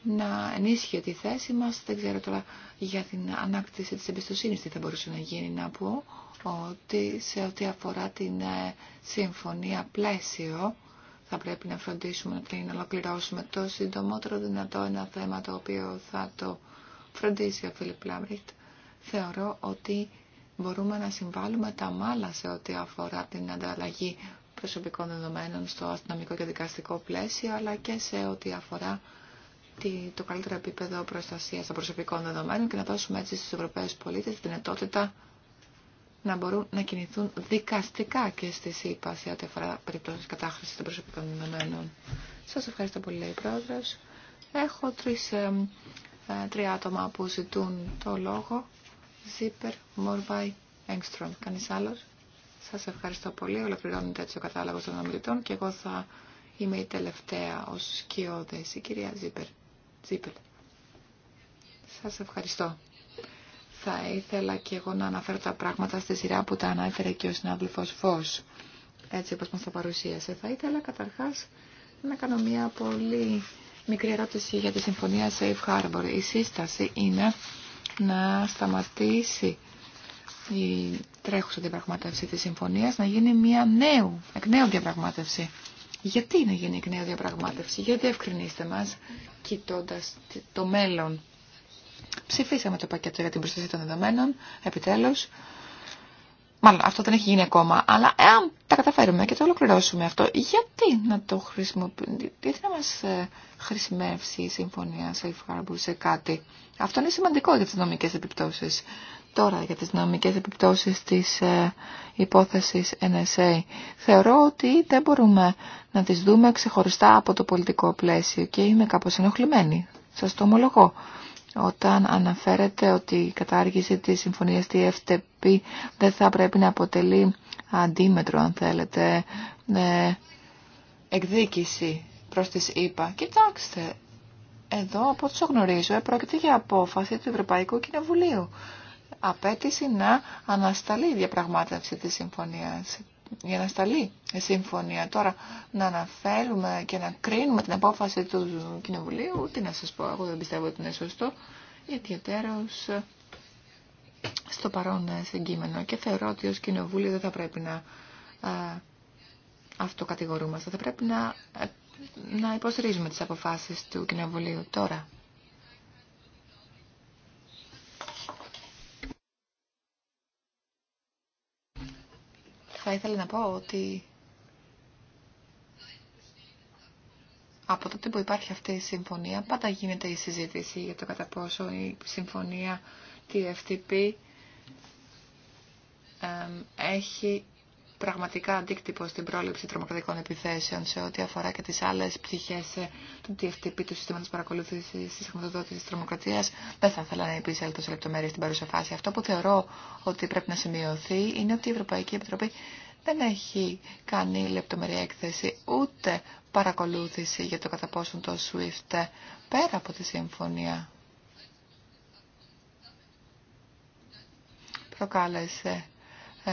να ενίσχυε τη θέση μας. Δεν ξέρω τώρα για την ανάκτηση της εμπιστοσύνης τι θα μπορούσε να γίνει να πω ότι σε ό,τι αφορά την ε, συμφωνία πλαίσιο θα πρέπει να φροντίσουμε να την ολοκληρώσουμε το συντομότερο δυνατό ένα θέμα το οποίο θα το φροντίσει ο Φίλιπ Λάμπριχτ. Θεωρώ ότι μπορούμε να συμβάλλουμε τα μάλα σε ό,τι αφορά την ανταλλαγή προσωπικών δεδομένων στο αστυνομικό και δικαστικό πλαίσιο, αλλά και σε ό,τι αφορά το καλύτερο επίπεδο προστασίας των προσωπικών δεδομένων και να δώσουμε έτσι στους Ευρωπαίους πολίτες τη δυνατότητα να μπορούν να κινηθούν δικαστικά και στη ΣΥΠΑ σε ό,τι αφορά περιπτώσεις κατάχρησης των προσωπικών δεδομένων. Σας ευχαριστώ πολύ, λέει Πρόεδρος. Έχω τρεις, ε, τρία άτομα που ζητούν το λόγο. Zipper, Μόρβαϊ, Έγκστρον. Κανείς άλλος. Σας ευχαριστώ πολύ. Ολοκληρώνεται έτσι ο κατάλογος των ομιλητών και εγώ θα είμαι η τελευταία ως σκιώδες, η κυρία Zipper. Zipper. Σας ευχαριστώ. Θα ήθελα και εγώ να αναφέρω τα πράγματα στη σειρά που τα ανάφερε και ο συνάδελφος Φως, έτσι όπως μας τα παρουσίασε. Θα ήθελα καταρχάς να κάνω μια πολύ μικρή ερώτηση για τη Συμφωνία Safe Harbor. Η σύσταση είναι να σταματήσει η τρέχουσα διαπραγμάτευση της συμφωνίας να γίνει μια νέου, εκ νέου διαπραγμάτευση. Γιατί να γίνει εκ νέου διαπραγμάτευση, γιατί ευκρινίστε μας κοιτώντας το μέλλον. Ψηφίσαμε το πακέτο για την προστασία των δεδομένων, επιτέλους Μάλλον αυτό δεν έχει γίνει ακόμα, αλλά εάν τα καταφέρουμε και το ολοκληρώσουμε αυτό, γιατί να το χρησιμοποιήσουμε, γιατί να μας ε, χρησιμεύσει η Συμφωνία Safe Harbor σε κάτι. Αυτό είναι σημαντικό για τι νομικέ επιπτώσει. Τώρα για τι νομικέ επιπτώσει τη υπόθεση υπόθεσης NSA. Θεωρώ ότι δεν μπορούμε να τι δούμε ξεχωριστά από το πολιτικό πλαίσιο και είμαι κάπω ενοχλημένη. Σα το ομολογώ. Όταν αναφέρεται ότι η κατάργηση της συμφωνίας TFTP πει δεν θα πρέπει να αποτελεί αντίμετρο, αν θέλετε, εκδίκηση προς τις ΗΠΑ. Κοιτάξτε, εδώ από όσο γνωρίζω πρόκειται για απόφαση του Ευρωπαϊκού Κοινοβουλίου. Απέτηση να ανασταλεί η διαπραγμάτευση της συμφωνίας. Για να σταλεί η συμφωνία. Τώρα να αναφέρουμε και να κρίνουμε την απόφαση του Κοινοβουλίου, τι να σας πω, εγώ δεν πιστεύω ότι είναι σωστό, ιδιαίτερως στο παρόν ε, συγκείμενο και θεωρώ ότι ως κοινοβούλιο δεν θα πρέπει να ε, αυτοκατηγορούμαστε. Θα πρέπει να, ε, να υποστηρίζουμε τις αποφάσεις του κοινοβουλίου τώρα. Θα ήθελα να πω ότι από τότε που υπάρχει αυτή η συμφωνία πάντα γίνεται η συζήτηση για το κατά πόσο η συμφωνία η FTP έχει πραγματικά αντίκτυπο στην πρόληψη τρομοκρατικών επιθέσεων σε ό,τι αφορά και τις άλλες πτυχές ε, του TFTP, του συστήματος παρακολούθησης της χρηματοδότησης της τρομοκρατίας. Δεν θα ήθελα να επίσης σε λεπτομέρειες στην παρούσα φάση. Αυτό που θεωρώ ότι πρέπει να σημειωθεί είναι ότι η Ευρωπαϊκή Επιτροπή δεν έχει κάνει λεπτομερή έκθεση ούτε παρακολούθηση για το κατά πόσον το SWIFT ε, πέρα από τη συμφωνία κάλεσε,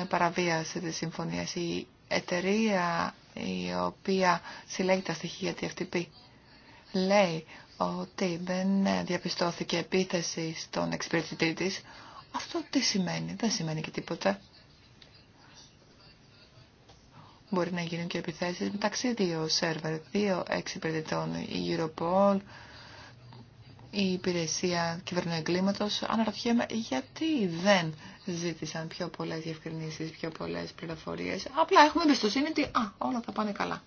παραβίασε τη συμφωνία. Η εταιρεία η οποία συλλέγει τα στοιχεία TFTP λέει ότι δεν διαπιστώθηκε επίθεση στον εξυπηρετητή της. Αυτό τι σημαίνει, δεν σημαίνει και τίποτα. Μπορεί να γίνουν και επιθέσεις μεταξύ δύο σερβερ, δύο εξυπηρετητών, η Europol, η υπηρεσία κυβερνοεγκλήματος, αναρωτιέμαι γιατί δεν ζήτησαν πιο πολλές διευκρινήσεις, πιο πολλές πληροφορίες. Απλά έχουμε εμπιστοσύνη ότι α, όλα θα πάνε καλά.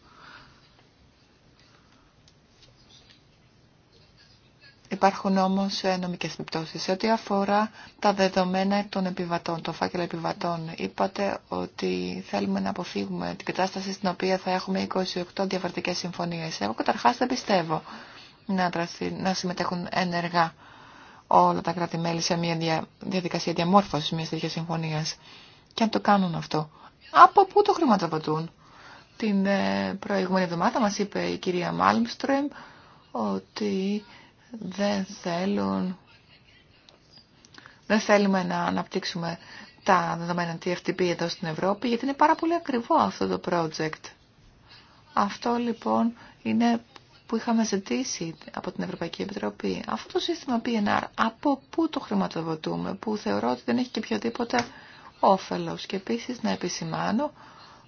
Υπάρχουν όμως ε, νομικές επιπτώσεις. Σε ό,τι αφορά τα δεδομένα των επιβατών, το φάκελο επιβατών, είπατε ότι θέλουμε να αποφύγουμε την κατάσταση στην οποία θα έχουμε 28 διαφορετικές συμφωνίες. Εγώ καταρχάς δεν πιστεύω να, να συμμετέχουν ενεργά όλα τα κράτη-μέλη σε μια διαδικασία διαμόρφωσης μιας τέτοιας συμφωνίας. Και αν το κάνουν αυτό, από πού το χρηματοδοτούν. Την ε, προηγούμενη εβδομάδα μας είπε η κυρία Μάλμστρεμ ότι δεν θέλουν... Δεν θέλουμε να αναπτύξουμε τα δεδομένα TFTP εδώ στην Ευρώπη, γιατί είναι πάρα πολύ ακριβό αυτό το project. Αυτό λοιπόν είναι που είχαμε ζητήσει από την Ευρωπαϊκή Επιτροπή. Αυτό το σύστημα PNR, από πού το χρηματοδοτούμε, που θεωρώ ότι δεν έχει και οποιοδήποτε όφελος. Και επίσης να επισημάνω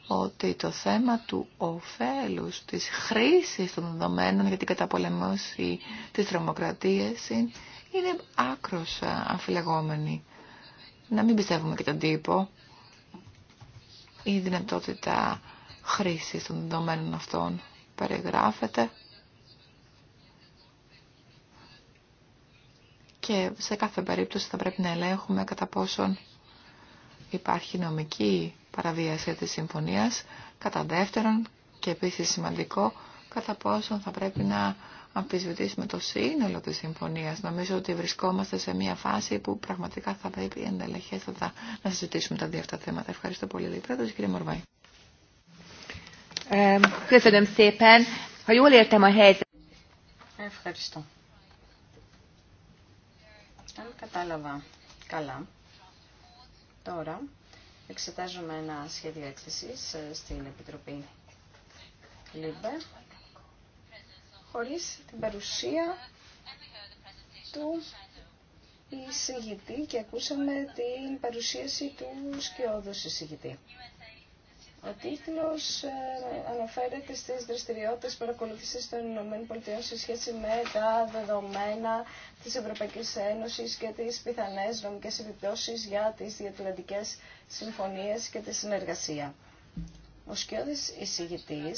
ότι το θέμα του ωφέλους, της χρήσης των δεδομένων για την καταπολεμώση της τρομοκρατίας είναι άκρος αμφιλεγόμενη. Να μην πιστεύουμε και τον τύπο. Η δυνατότητα χρήσης των δεδομένων αυτών περιγράφεται και σε κάθε περίπτωση θα πρέπει να ελέγχουμε κατά πόσον υπάρχει νομική παραβίαση της συμφωνίας, κατά δεύτερον και επίσης σημαντικό, κατά πόσον θα πρέπει να αμφισβητήσουμε το σύνολο της συμφωνίας. Νομίζω ότι βρισκόμαστε σε μια φάση που πραγματικά θα πρέπει εντελεχέστατα να συζητήσουμε τα δύο αυτά θέματα. Ευχαριστώ πολύ, Λίπρατος, κύριε Μορβάη. Ε, Ευχαριστώ. Αν κατάλαβα καλά, τώρα εξετάζουμε ένα σχέδιο έκθεσης ε, στην Επιτροπή ΛΥΜΠΕ χωρίς την παρουσία του εισηγητή και ακούσαμε την παρουσίαση του σκιώδους εισηγητή. Ο τίτλος ε, αναφέρεται στις δραστηριότητες παρακολούθησης των ΗΠΑ σε σχέση με τα δεδομένα της Ευρωπαϊκής Ένωσης και τι πιθανές νομικέ επιπτώσει για τις διατλαντικέ συμφωνίες και τη συνεργασία. Ο σκιώδη εισηγητή,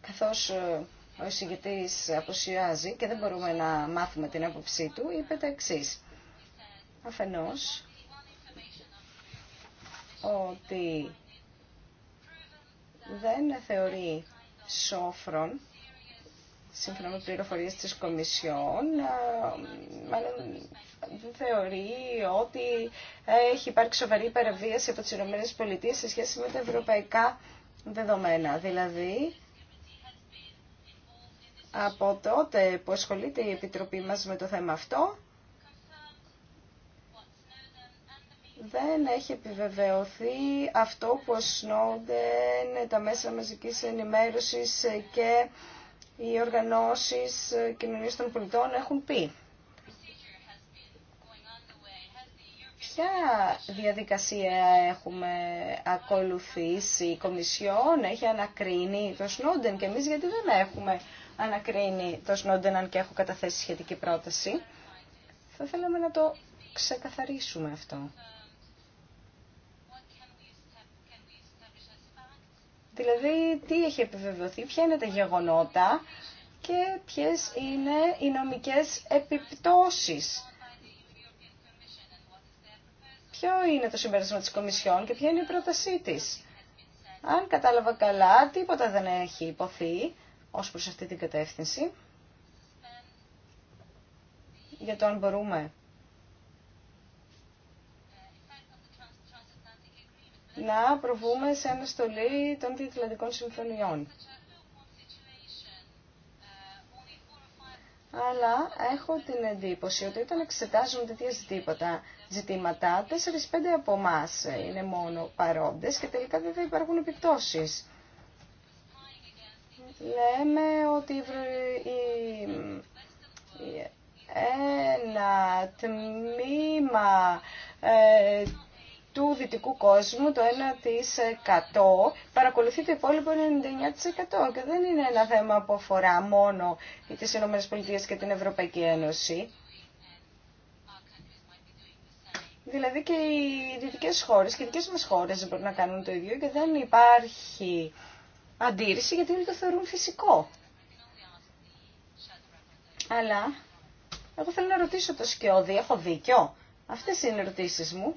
καθώς ε, ο εισηγητή αποσιάζει και δεν μπορούμε να μάθουμε την άποψή του, είπε τα εξή. Αφενός, ότι δεν θεωρεί σόφρον σύμφωνα με πληροφορίες της Κομισιόν, μάλλον θεωρεί ότι έχει υπάρξει σοβαρή υπεραβίαση από τις Ηνωμένες σε σχέση με τα ευρωπαϊκά δεδομένα. Δηλαδή, από τότε που ασχολείται η Επιτροπή μας με το θέμα αυτό, δεν έχει επιβεβαιωθεί αυτό που Σνόντεν, τα μέσα μαζικής ενημέρωσης και οι οργανώσεις κοινωνίας των πολιτών έχουν πει. Ποια διαδικασία έχουμε ακολουθήσει η Κομισιόν, έχει ανακρίνει το Σνόντεν και εμείς γιατί δεν έχουμε ανακρίνει το Σνόντεν αν και έχω καταθέσει σχετική πρόταση. Θα θέλαμε να το ξεκαθαρίσουμε αυτό. Δηλαδή, τι έχει επιβεβαιωθεί, ποια είναι τα γεγονότα και ποιες είναι οι νομικές επιπτώσεις. Ποιο είναι το συμπέρασμα της Κομισιόν και ποια είναι η πρότασή της. Αν κατάλαβα καλά, τίποτα δεν έχει υποθεί ως προς αυτή την κατεύθυνση. Για το αν μπορούμε να προβούμε σε ένα αναστολή των διατλαντικών συμφωνιών. αλλά έχω την εντύπωση ότι όταν εξετάζουν τέτοια ζητήματα, ζητήματα 4-5 από εμά είναι μόνο παρόντε και τελικά δεν θα υπάρχουν επιπτώσει. Λέμε ότι η ένα τμήμα ε, του δυτικού κόσμου, το 1% ε, παρακολουθεί το υπόλοιπο 99% και δεν είναι ένα θέμα που αφορά μόνο τις ΗΠΑ και την Ευρωπαϊκή Ένωση. Δηλαδή και οι δυτικές χώρες και οι δικές μας χώρες μπορούν να κάνουν το ίδιο και δεν υπάρχει αντίρρηση γιατί όλοι το θεωρούν φυσικό. Αλλά εγώ θέλω να ρωτήσω το Σκιώδη, έχω δίκιο. Αυτές είναι οι ερωτήσεις μου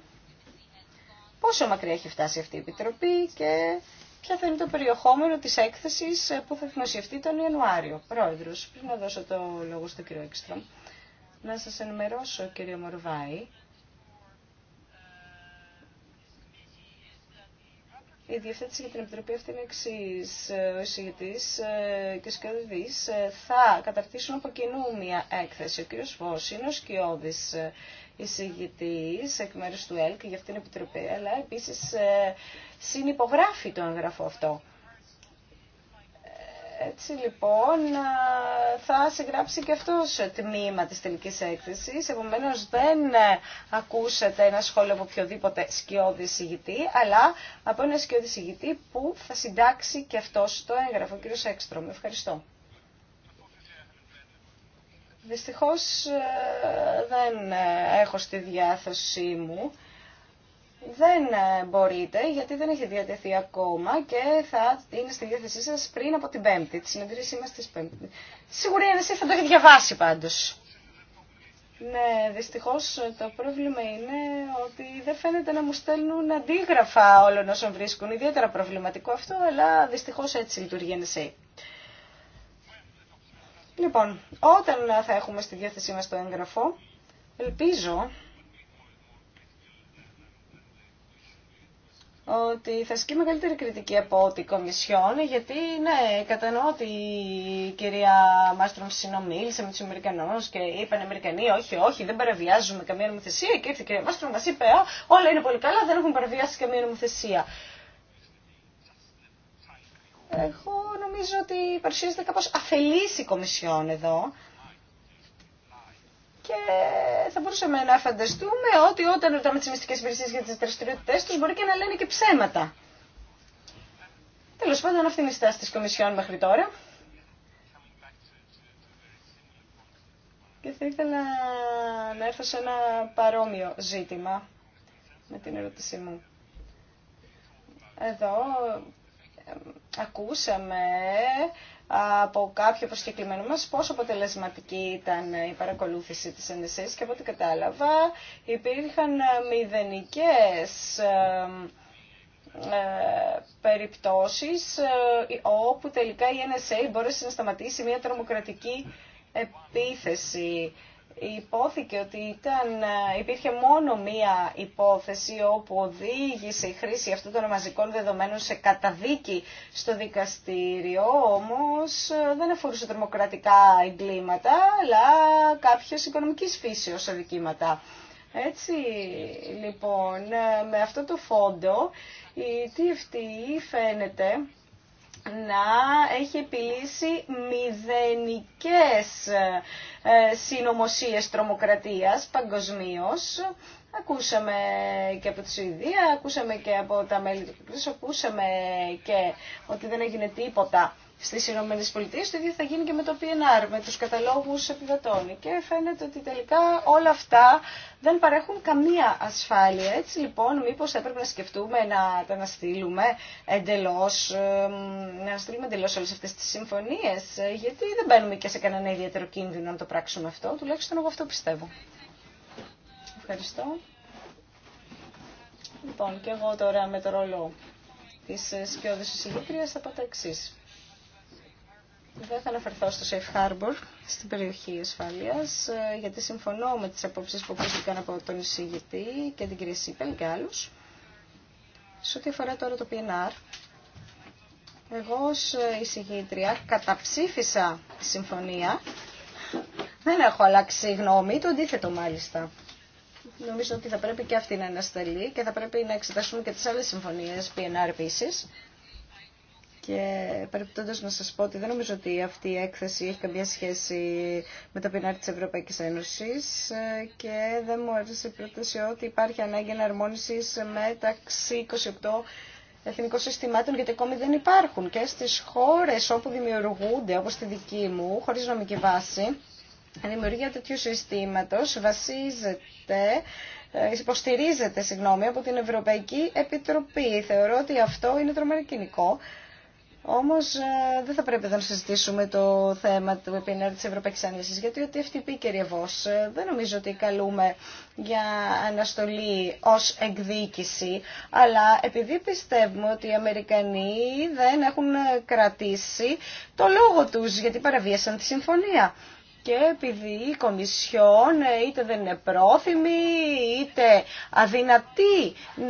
πόσο μακριά έχει φτάσει αυτή η Επιτροπή και ποια θα είναι το περιεχόμενο της έκθεσης που θα δημοσιευτεί τον Ιανουάριο. Πρόεδρος, πριν να δώσω το λόγο στον κύριο Έξτρομ, να σας ενημερώσω κύριο Μορβάη, Η διευθέτηση για την Επιτροπή αυτή είναι εξή. Ο εισηγητή ε, και ο ε, θα καταρτήσουν από κοινού μια έκθεση. Ο κύριο Βό είναι ο σκιώδη ε, εισηγητή εκ μέρου του ΕΛΚ για αυτήν την επιτροπή, αλλά επίσης ε, συνυπογράφει το εγγραφό αυτό. Έτσι λοιπόν ε, θα συγγράψει και αυτός τμήμα της τελικής έκθεσης. Επομένως δεν ε, ακούσατε ένα σχόλιο από οποιοδήποτε σκιώδη συγητή, αλλά από ένα σκιώδη συγητή που θα συντάξει και αυτός το έγγραφο. Κύριο Σέξτρομ, ευχαριστώ. Δυστυχώς ε, δεν ε, έχω στη διάθεσή μου. Δεν ε, μπορείτε γιατί δεν έχει διατεθεί ακόμα και θα είναι στη διάθεσή σας πριν από την Πέμπτη. Τη συνεδρίαση μας της Πέμπτη. Σίγουρα εσύ θα το έχει διαβάσει πάντως. Ναι, δυστυχώς το πρόβλημα είναι ότι δεν φαίνεται να μου στέλνουν αντίγραφα όλων όσων βρίσκουν. Ιδιαίτερα προβληματικό αυτό, αλλά δυστυχώς έτσι λειτουργεί η Λοιπόν, όταν θα έχουμε στη διάθεσή μας το έγγραφο, ελπίζω ότι θα ασκεί μεγαλύτερη κριτική από ό,τι η Κομισιόν, γιατί ναι, κατανοώ ότι η κυρία Μάστρον συνομίλησε με τους Αμερικανούς και είπαν Αμερικανοί, όχι, όχι, δεν παραβιάζουμε καμία νομοθεσία. Και ήρθε η κυρία Μάστρομ, μα είπε, όλα είναι πολύ καλά, δεν έχουν παραβιάσει καμία νομοθεσία. Εγώ νομίζω ότι παρουσιάζεται κάπως αφελής η Κομισιόν εδώ και θα μπορούσαμε να φανταστούμε ότι όταν ρωτάμε τις μυστικές υπηρεσίες για τις δραστηριότητε τους μπορεί και να λένε και ψέματα. Τέλος πάντων αυτή είναι η στάση της Κομισιόν μέχρι τώρα. Και θα ήθελα να έρθω σε ένα παρόμοιο ζήτημα με την ερώτησή μου. Εδώ ακούσαμε από κάποιο προσκεκλημένο μας πόσο αποτελεσματική ήταν η παρακολούθηση της NSA και από ό,τι κατάλαβα υπήρχαν μηδενικές ε, περιπτώσεις ε, όπου τελικά η NSA μπόρεσε να σταματήσει μια τρομοκρατική επίθεση υπόθηκε ότι ήταν, ε, υπήρχε μόνο μία υπόθεση όπου οδήγησε η χρήση αυτών των μαζικών δεδομένων σε καταδίκη στο δικαστήριο, όμως ε, δεν αφορούσε τρομοκρατικά εγκλήματα, αλλά κάποιες οικονομικής φύσεως αδικήματα. Έτσι, λοιπόν, ε, με αυτό το φόντο, η TFT φαίνεται να έχει επιλύσει μηδενικές ε, συνωμοσίες τρομοκρατίας παγκοσμίως. Ακούσαμε και από τη Σουηδία, ακούσαμε και από τα μέλη του ακούσαμε και ότι δεν έγινε τίποτα Στι Ηνωμένε Πολιτείε, το ίδιο θα γίνει και με το PNR, με του καταλόγους επιβατών. Και φαίνεται ότι τελικά όλα αυτά δεν παρέχουν καμία ασφάλεια. Έτσι λοιπόν, μήπω έπρεπε να σκεφτούμε να τα αναστείλουμε εντελώ, να στείλουμε εντελώ όλε αυτέ τι συμφωνίε. Ε, γιατί δεν μπαίνουμε και σε κανένα ιδιαίτερο κίνδυνο να το πράξουμε αυτό, τουλάχιστον εγώ αυτό πιστεύω. Ευχαριστώ. Λοιπόν, και εγώ τώρα με το ρόλο της σκιώδης εισηγήτριας θα πω τα εξής. Δεν θα αναφερθώ στο Safe Harbor, στην περιοχή ασφάλειας, ε, γιατί συμφωνώ με τις απόψεις που ακούστηκαν από τον εισηγητή και την κυρία Σίπελ και άλλους. Σε ό,τι αφορά τώρα το PNR, εγώ ως εισηγήτρια καταψήφισα τη συμφωνία. Δεν έχω αλλάξει γνώμη, το αντίθετο μάλιστα. Νομίζω ότι θα πρέπει και αυτή να ανασταλεί και θα πρέπει να εξετάσουμε και τις άλλες συμφωνίες PNR επίσης. Και παρεπιπτόντω να σα πω ότι δεν νομίζω ότι αυτή η έκθεση έχει καμία σχέση με τα πινάρι τη Ευρωπαϊκή Ένωση ε, και δεν μου έδωσε η πρόταση ότι υπάρχει ανάγκη εναρμόνιση μεταξύ 28 εθνικών συστημάτων, γιατί ακόμη δεν υπάρχουν. Και στι χώρε όπου δημιουργούνται, όπω τη δική μου, χωρί νομική βάση, η δημιουργία τέτοιου συστήματο βασίζεται ε, υποστηρίζεται συγγνώμη, από την Ευρωπαϊκή Επιτροπή. Θεωρώ ότι αυτό είναι τρομερικοινικό όμως ε, δεν θα πρέπει να συζητήσουμε το θέμα του Επινάρτη της Ευρωπαϊκής γιατί ότι FTP ε, δεν νομίζω ότι καλούμε για αναστολή ως εκδίκηση, αλλά επειδή πιστεύουμε ότι οι Αμερικανοί δεν έχουν κρατήσει το λόγο τους, γιατί παραβίασαν τη συμφωνία και επειδή η Κομισιόν ε, είτε δεν είναι πρόθυμη είτε αδυνατή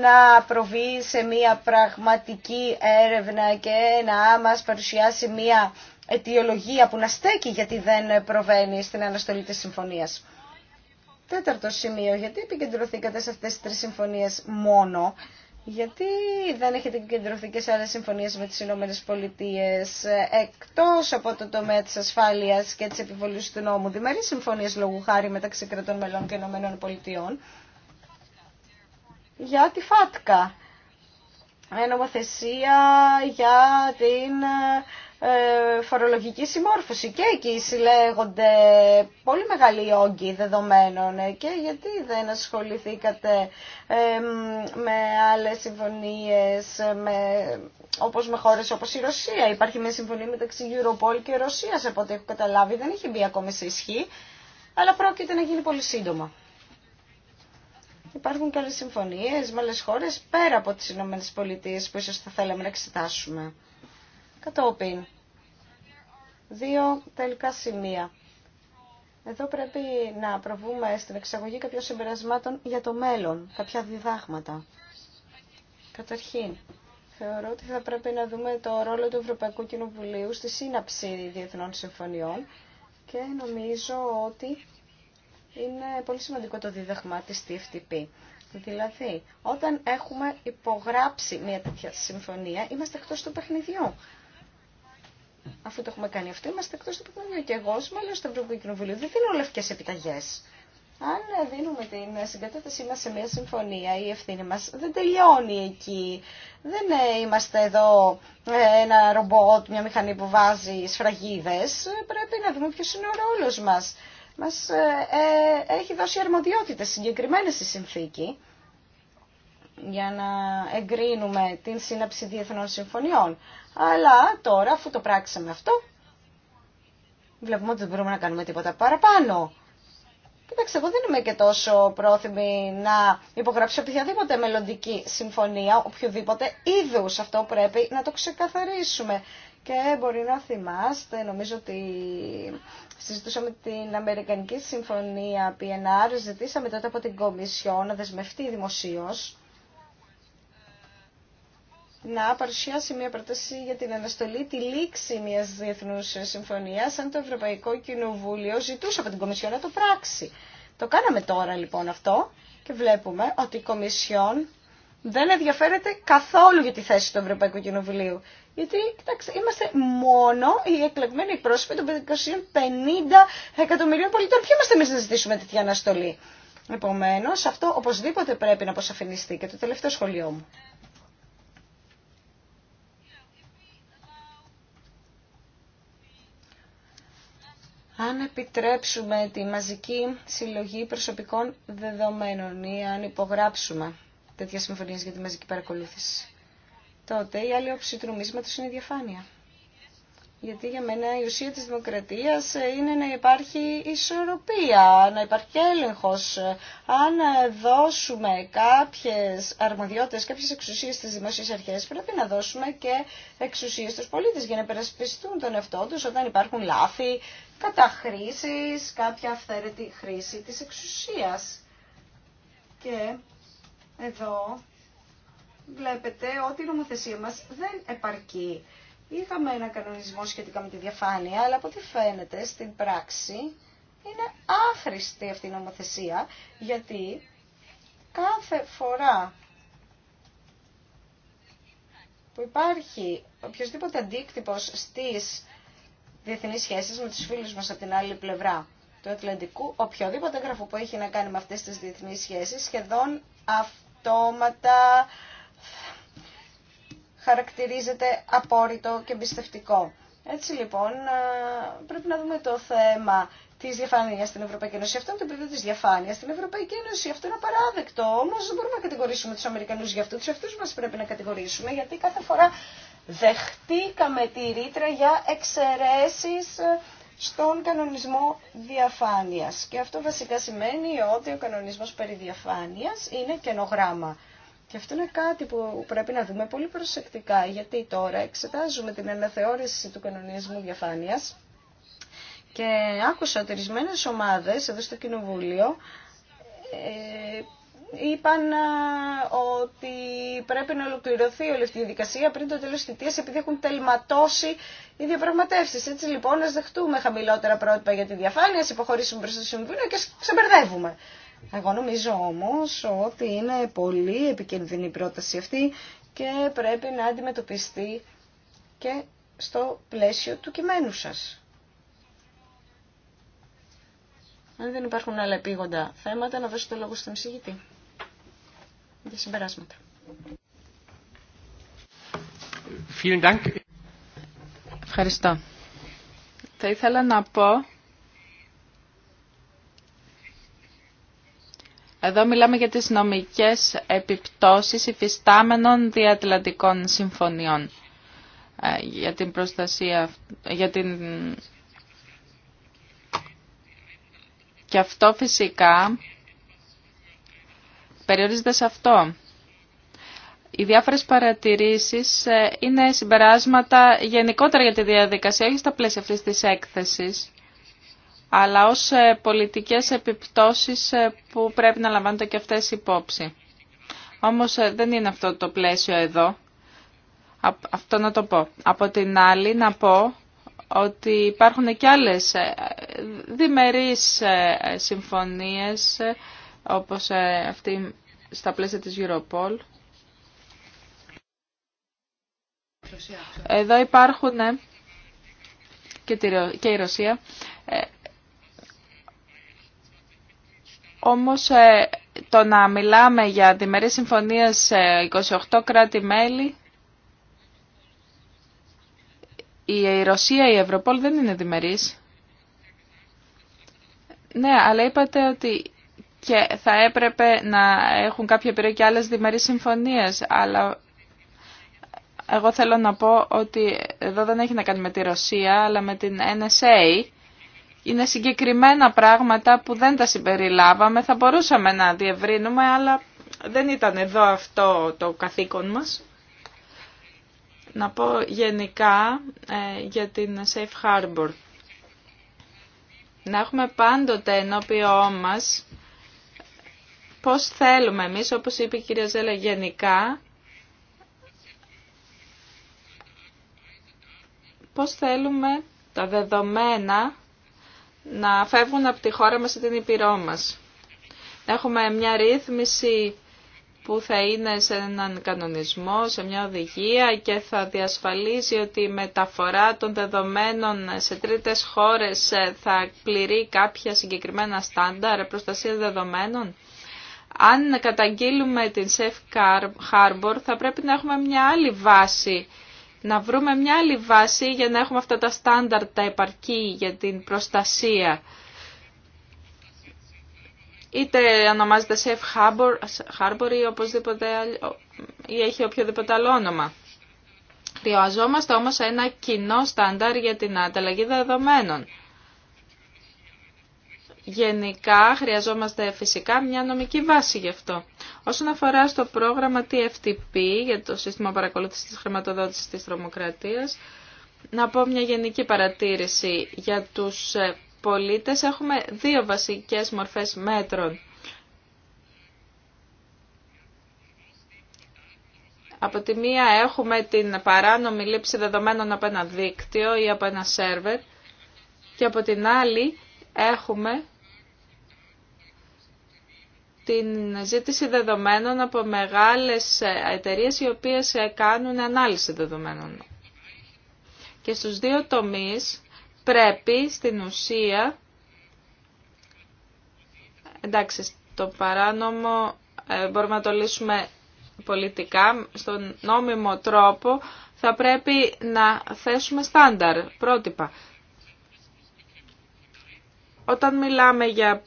να προβεί σε μια πραγματική έρευνα και να μας παρουσιάσει μια αιτιολογία που να στέκει γιατί δεν προβαίνει στην αναστολή της συμφωνίας. Τέταρτο σημείο, γιατί επικεντρωθήκατε σε αυτές τις τρεις συμφωνίες μόνο γιατί δεν έχετε κεντρωθεί και σε άλλες συμφωνίες με τις Ηνωμένες Πολιτείες εκτός από το τομέα της ασφάλειας και της επιβολής του νόμου, διμερείς συμφωνίες λόγου χάρη μεταξύ κρατών μελών και Ηνωμένων Πολιτείων, για τη ΦΑΤΚΑ, νομοθεσία για την ε, φορολογική συμμόρφωση και εκεί συλλέγονται πολύ μεγάλοι όγκοι δεδομένων ε, και γιατί δεν ασχοληθήκατε ε, με άλλες συμφωνίες με, όπως με χώρες όπως η Ρωσία υπάρχει μια συμφωνία μεταξύ Europol και Ρωσίας από ό,τι έχω καταλάβει δεν έχει μπει ακόμη σε ισχύ αλλά πρόκειται να γίνει πολύ σύντομα Υπάρχουν και άλλες συμφωνίες με άλλες χώρες πέρα από τις Ηνωμένες Πολιτείες που ίσως θα θέλαμε να εξετάσουμε. Κατόπιν, δύο τελικά σημεία. Εδώ πρέπει να προβούμε στην εξαγωγή κάποιων συμπερασμάτων για το μέλλον, κάποια διδάγματα. Καταρχήν, θεωρώ ότι θα πρέπει να δούμε το ρόλο του Ευρωπαϊκού Κοινοβουλίου στη σύναψη διεθνών συμφωνιών και νομίζω ότι είναι πολύ σημαντικό το δίδαγμα της TFTP. Δηλαδή, όταν έχουμε υπογράψει μια τέτοια συμφωνία, είμαστε εκτός του παιχνιδιού. Αφού το έχουμε κάνει αυτό, είμαστε εκτό του παιχνιδιού. Και εγώ, ω μέλο του Ευρωπαϊκού Κοινοβουλίου, δεν δίνω λευκέ επιταγέ. Αν δίνουμε την συγκατάθεσή μα σε μια συμφωνία, η ευθύνη μα δεν τελειώνει εκεί. Δεν ε, είμαστε εδώ ε, ένα ρομπότ, μια μηχανή που βάζει σφραγίδες. Πρέπει να δούμε ποιο είναι ο ρόλο Μα Μας ε, έχει δώσει αρμοδιότητε συγκεκριμένε στη συνθήκη για να εγκρίνουμε την σύναψη διεθνών συμφωνιών. Αλλά τώρα, αφού το πράξαμε αυτό, βλέπουμε ότι δεν μπορούμε να κάνουμε τίποτα παραπάνω. Κοιτάξτε, εγώ δεν είμαι και τόσο πρόθυμη να υπογράψω οποιαδήποτε μελλοντική συμφωνία, οποιοδήποτε είδου. Αυτό πρέπει να το ξεκαθαρίσουμε. Και μπορεί να θυμάστε, νομίζω ότι συζητούσαμε την Αμερικανική Συμφωνία PNR, ζητήσαμε τότε από την Κομισιό να δεσμευτεί δημοσίω να παρουσιάσει μια πρόταση για την αναστολή τη λήξη μια διεθνού συμφωνία αν το Ευρωπαϊκό Κοινοβούλιο ζητούσε από την Κομισιόν να το πράξει. Το κάναμε τώρα λοιπόν αυτό και βλέπουμε ότι η Κομισιόν δεν ενδιαφέρεται καθόλου για τη θέση του Ευρωπαϊκού Κοινοβουλίου. Γιατί, κοιτάξτε, είμαστε μόνο οι εκλεγμένοι πρόσωποι των 550 εκατομμυρίων πολιτών. Ποιοι είμαστε εμεί να ζητήσουμε τέτοια αναστολή. Επομένω, αυτό οπωσδήποτε πρέπει να αποσαφινιστεί. Και το τελευταίο σχολείο μου. αν επιτρέψουμε τη μαζική συλλογή προσωπικών δεδομένων ή αν υπογράψουμε τέτοια συμφωνίες για τη μαζική παρακολούθηση, τότε η άλλη όψη του είναι η διαφάνεια. Γιατί για μένα η ουσία της δημοκρατίας ε, είναι να υπάρχει ισορροπία, να υπάρχει έλεγχος. Αν ε, δώσουμε κάποιες αρμοδιότητες, κάποιες εξουσίες στις δημόσιες αρχές, πρέπει να δώσουμε και εξουσίες στους πολίτες για να περασπιστούν τον εαυτό τους όταν υπάρχουν λάθη, καταχρήσεις, κάποια αυθαίρετη χρήση της εξουσίας. Και εδώ βλέπετε ότι η νομοθεσία μας δεν επαρκεί Είχαμε ένα κανονισμό σχετικά με τη διαφάνεια, αλλά από ό,τι φαίνεται στην πράξη είναι άχρηστη αυτή η νομοθεσία, γιατί κάθε φορά που υπάρχει οποιοδήποτε αντίκτυπο στις διεθνεί σχέσεις με του φίλου μας από την άλλη πλευρά του Ατλαντικού, οποιοδήποτε έγγραφο που έχει να κάνει με αυτές τις διεθνεί σχέσεις, σχεδόν αυτόματα χαρακτηρίζεται απόρριτο και εμπιστευτικό. Έτσι λοιπόν πρέπει να δούμε το θέμα τη διαφάνεια στην Ευρωπαϊκή Ένωση. Αυτό είναι το επίπεδο τη διαφάνεια στην Ευρωπαϊκή Ένωση. Αυτό είναι απαράδεκτο. Όμω δεν μπορούμε να κατηγορήσουμε του Αμερικανού για αυτό. Του εαυτού μα πρέπει να κατηγορήσουμε γιατί κάθε φορά δεχτήκαμε τη ρήτρα για εξαιρέσει ε, στον κανονισμό διαφάνεια. Και αυτό βασικά σημαίνει ότι ο κανονισμό περί διαφάνειας είναι καινογράμμα. Και αυτό είναι κάτι που πρέπει να δούμε πολύ προσεκτικά, γιατί τώρα εξετάζουμε την αναθεώρηση του κανονισμού διαφάνειας και άκουσα ότι ορισμένε ομάδες εδώ στο Κοινοβούλιο ε, είπαν ότι πρέπει να ολοκληρωθεί όλη αυτή η δικασία πριν το τέλος της θητείας επειδή έχουν τελματώσει οι διαπραγματεύσει. Έτσι λοιπόν ας δεχτούμε χαμηλότερα πρότυπα για τη διαφάνεια, ας υποχωρήσουμε προς το Συμβούλιο και ξεμπερδεύουμε. Εγώ νομίζω όμως ότι είναι πολύ επικίνδυνη η πρόταση αυτή και πρέπει να αντιμετωπιστεί και στο πλαίσιο του κειμένου σας. Αν δεν υπάρχουν άλλα επίγοντα θέματα, να δώσω το λόγο στον εισηγητή για συμπεράσματα. Ευχαριστώ. Θα ήθελα να πω Εδώ μιλάμε για τις νομικές επιπτώσεις υφιστάμενων διατλαντικών συμφωνιών ε, για την προστασία, για την... Και αυτό φυσικά περιορίζεται σε αυτό. Οι διάφορες παρατηρήσεις ε, είναι συμπεράσματα γενικότερα για τη διαδικασία, όχι στα πλαίσια αυτής της έκθεσης αλλά ως ε, πολιτικές επιπτώσεις ε, που πρέπει να λαμβάνονται και αυτές υπόψη. Όμως ε, δεν είναι αυτό το πλαίσιο εδώ. Αυτό να το πω. Από την άλλη να πω ότι υπάρχουν και άλλες διμερείς συμφωνίες όπως αυτή στα πλαίσια της Europol. Εδώ υπάρχουν και η Ρωσία όμως ε, το να μιλάμε για διμερείς συμφωνίες σε 28 κράτη-μέλη, η Ρωσία, η Ευρωπόλ δεν είναι διμερείς. Ναι, αλλά είπατε ότι και θα έπρεπε να έχουν κάποια επιρροή και άλλες διμερείς συμφωνίες, αλλά εγώ θέλω να πω ότι εδώ δεν έχει να κάνει με τη Ρωσία, αλλά με την NSA είναι συγκεκριμένα πράγματα που δεν τα συμπεριλάβαμε. Θα μπορούσαμε να διευρύνουμε, αλλά δεν ήταν εδώ αυτό το καθήκον μας. Να πω γενικά ε, για την Safe Harbor. Να έχουμε πάντοτε ενώπιό μας πώς θέλουμε εμείς, όπως είπε η κυρία Ζέλα γενικά, πώς θέλουμε τα δεδομένα να φεύγουν από τη χώρα μας ή την Ήπειρό μας. έχουμε μια ρύθμιση που θα είναι σε έναν κανονισμό, σε μια οδηγία και θα διασφαλίζει ότι η μεταφορά των δεδομένων σε τρίτες χώρες θα πληρεί κάποια συγκεκριμένα στάνταρ προστασία δεδομένων. Αν καταγγείλουμε την Safe Harbor θα πρέπει να έχουμε μια άλλη βάση να βρούμε μια άλλη βάση για να έχουμε αυτά τα στάνταρ τα επαρκή για την προστασία. Είτε ονομάζεται Safe Harbor ή, οπωσδήποτε, ή έχει οποιοδήποτε άλλο όνομα. Χρειαζόμαστε όμως ένα κοινό στάνταρ για την ανταλλαγή δεδομένων γενικά χρειαζόμαστε φυσικά μια νομική βάση γι' αυτό. Όσον αφορά στο πρόγραμμα TFTP για το σύστημα παρακολούθησης της χρηματοδότησης της τρομοκρατίας, να πω μια γενική παρατήρηση για τους ε, πολίτες. Έχουμε δύο βασικές μορφές μέτρων. Από τη μία έχουμε την παράνομη λήψη δεδομένων από ένα δίκτυο ή από ένα σερβερ και από την άλλη έχουμε την ζήτηση δεδομένων από μεγάλες εταιρείες οι οποίες κάνουν ανάλυση δεδομένων. Και στους δύο τομείς πρέπει στην ουσία, εντάξει, το παράνομο ε, μπορούμε να το λύσουμε πολιτικά, στον νόμιμο τρόπο θα πρέπει να θέσουμε στάνταρ, πρότυπα. Όταν μιλάμε για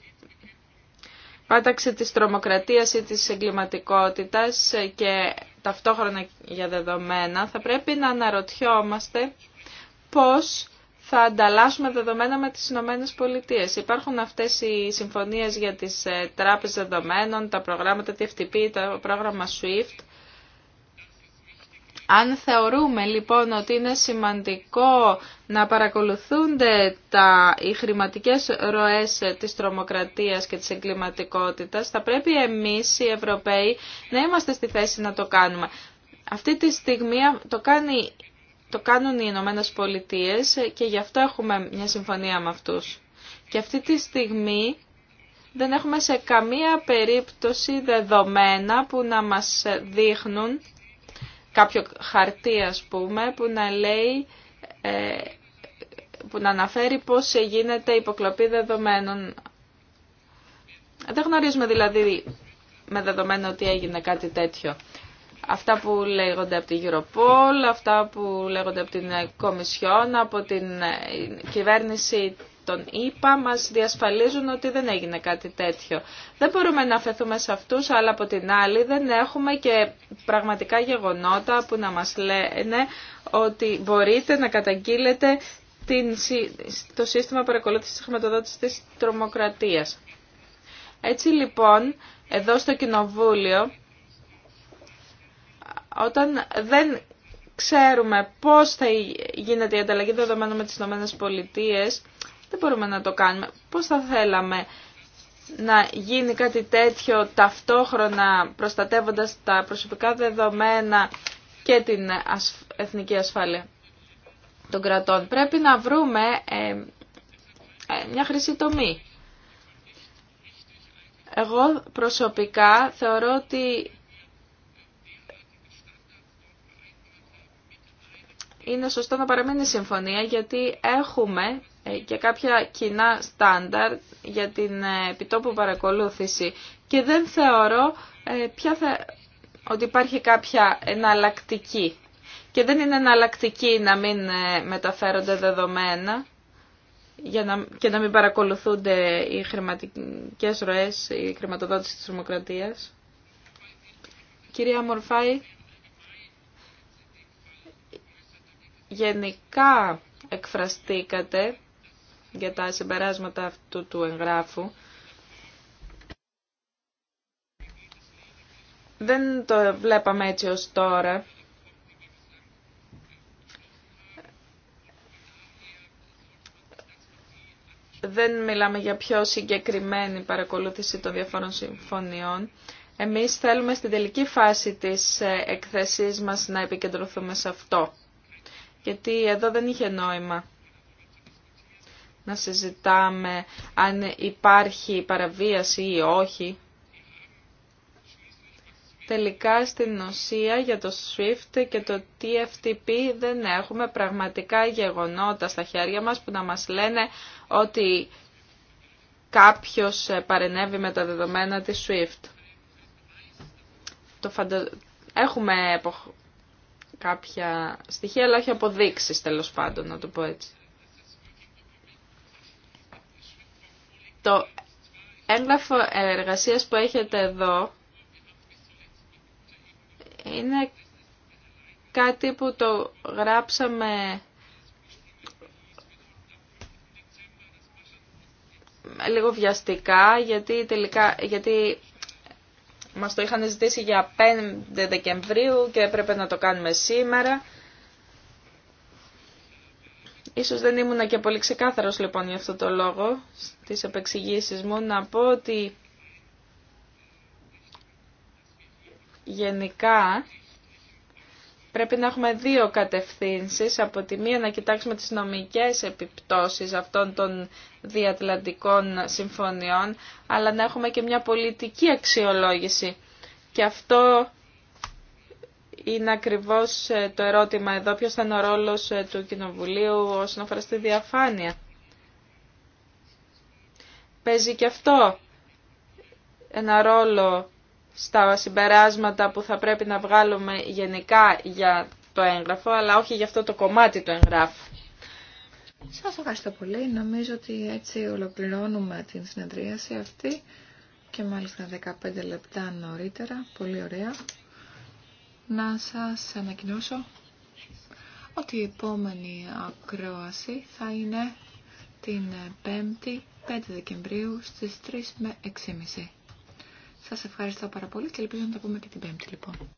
πάταξη της τρομοκρατίας ή της εγκληματικότητας και ταυτόχρονα για δεδομένα, θα πρέπει να αναρωτιόμαστε πώς θα ανταλλάσσουμε δεδομένα με τις Ηνωμένε Πολιτείε. Υπάρχουν αυτές οι συμφωνίες για τις ε, τράπεζες δεδομένων, τα προγράμματα TFTP, το πρόγραμμα SWIFT, αν θεωρούμε λοιπόν ότι είναι σημαντικό να παρακολουθούνται τα, οι χρηματικές ροές της τρομοκρατίας και της εγκληματικότητας, θα πρέπει εμείς οι Ευρωπαίοι να είμαστε στη θέση να το κάνουμε. Αυτή τη στιγμή το, κάνει, το κάνουν οι Ηνωμένε Πολιτείε και γι' αυτό έχουμε μια συμφωνία με αυτούς. Και αυτή τη στιγμή δεν έχουμε σε καμία περίπτωση δεδομένα που να μας δείχνουν κάποιο χαρτί ας πούμε που να λέει ε, που να αναφέρει πώς γίνεται υποκλοπή δεδομένων. Δεν γνωρίζουμε δηλαδή με δεδομένο ότι έγινε κάτι τέτοιο. Αυτά που λέγονται από την Europol, αυτά που λέγονται από την Κομισιόν, από την ε, κυβέρνηση τον είπα μας διασφαλίζουν ότι δεν έγινε κάτι τέτοιο. Δεν μπορούμε να αφαιθούμε σε αυτούς, αλλά από την άλλη δεν έχουμε και πραγματικά γεγονότα που να μας λένε ότι μπορείτε να καταγγείλετε το σύστημα παρακολούθησης της χρηματοδότησης της τρομοκρατίας. Έτσι λοιπόν, εδώ στο Κοινοβούλιο, όταν δεν ξέρουμε πώς θα γίνεται η ανταλλαγή δεδομένων με τις ΗΠΑ, δεν μπορούμε να το κάνουμε. Πώς θα θέλαμε να γίνει κάτι τέτοιο ταυτόχρονα προστατεύοντας τα προσωπικά δεδομένα και την εθνική ασφάλεια των κρατών. Πρέπει να βρούμε ε, ε, μια χρυσή τομή. Εγώ προσωπικά θεωρώ ότι είναι σωστό να παραμείνει η συμφωνία γιατί έχουμε ε, και κάποια κοινά στάνταρ για την ε, επιτόπου παρακολούθηση και δεν θεωρώ ε, ποια θα... ότι υπάρχει κάποια εναλλακτική. Και δεν είναι εναλλακτική να μην μεταφέρονται δεδομένα για να, και να μην παρακολουθούνται οι χρηματικές ροές, η χρηματοδότηση της δημοκρατίας. Κυρία Μορφάη, γενικά εκφραστήκατε για τα συμπεράσματα αυτού του εγγράφου. Δεν το βλέπαμε έτσι ως τώρα. Δεν μιλάμε για πιο συγκεκριμένη παρακολούθηση των διαφόρων συμφωνιών. Εμείς θέλουμε στην τελική φάση της ε, εκθεσής μας να επικεντρωθούμε σε αυτό. Γιατί εδώ δεν είχε νόημα να συζητάμε αν υπάρχει παραβίαση ή όχι. Τελικά στην ουσία για το SWIFT και το TFTP δεν έχουμε πραγματικά γεγονότα στα χέρια μας που να μας λένε ότι κάποιος παρενέβη με τα δεδομένα της SWIFT. Το Έχουμε κάποια στοιχεία αλλά όχι αποδείξεις τέλος πάντων να το πω έτσι. Το έγγραφο εργασίας που έχετε εδώ είναι κάτι που το γράψαμε λίγο βιαστικά γιατί τελικά γιατί μας το είχαν ζητήσει για 5 Δεκεμβρίου και έπρεπε να το κάνουμε σήμερα. Ίσως δεν ήμουν και πολύ ξεκάθαρος λοιπόν για αυτό το λόγο στις επεξηγήσεις μου να πω ότι γενικά πρέπει να έχουμε δύο κατευθύνσεις. Από τη μία να κοιτάξουμε τις νομικές επιπτώσεις αυτών των διατλαντικών συμφωνιών, αλλά να έχουμε και μια πολιτική αξιολόγηση. Και αυτό είναι ακριβώς ε, το ερώτημα εδώ ποιος θα είναι ο ρόλος ε, του Κοινοβουλίου όσον αφορά στη διαφάνεια. Παίζει και αυτό ένα ρόλο στα συμπεράσματα που θα πρέπει να βγάλουμε γενικά για το έγγραφο, αλλά όχι για αυτό το κομμάτι του εγγράφου. Σας ευχαριστώ πολύ. Νομίζω ότι έτσι ολοκληρώνουμε την συνεδρίαση αυτή και μάλιστα 15 λεπτά νωρίτερα. Πολύ ωραία να σας ανακοινώσω ότι η επόμενη ακρόαση θα είναι την 5η 5 Δεκεμβρίου στις 3 με 6.30. Σας ευχαριστώ πάρα πολύ και ελπίζω να τα πούμε και την 5η λοιπόν.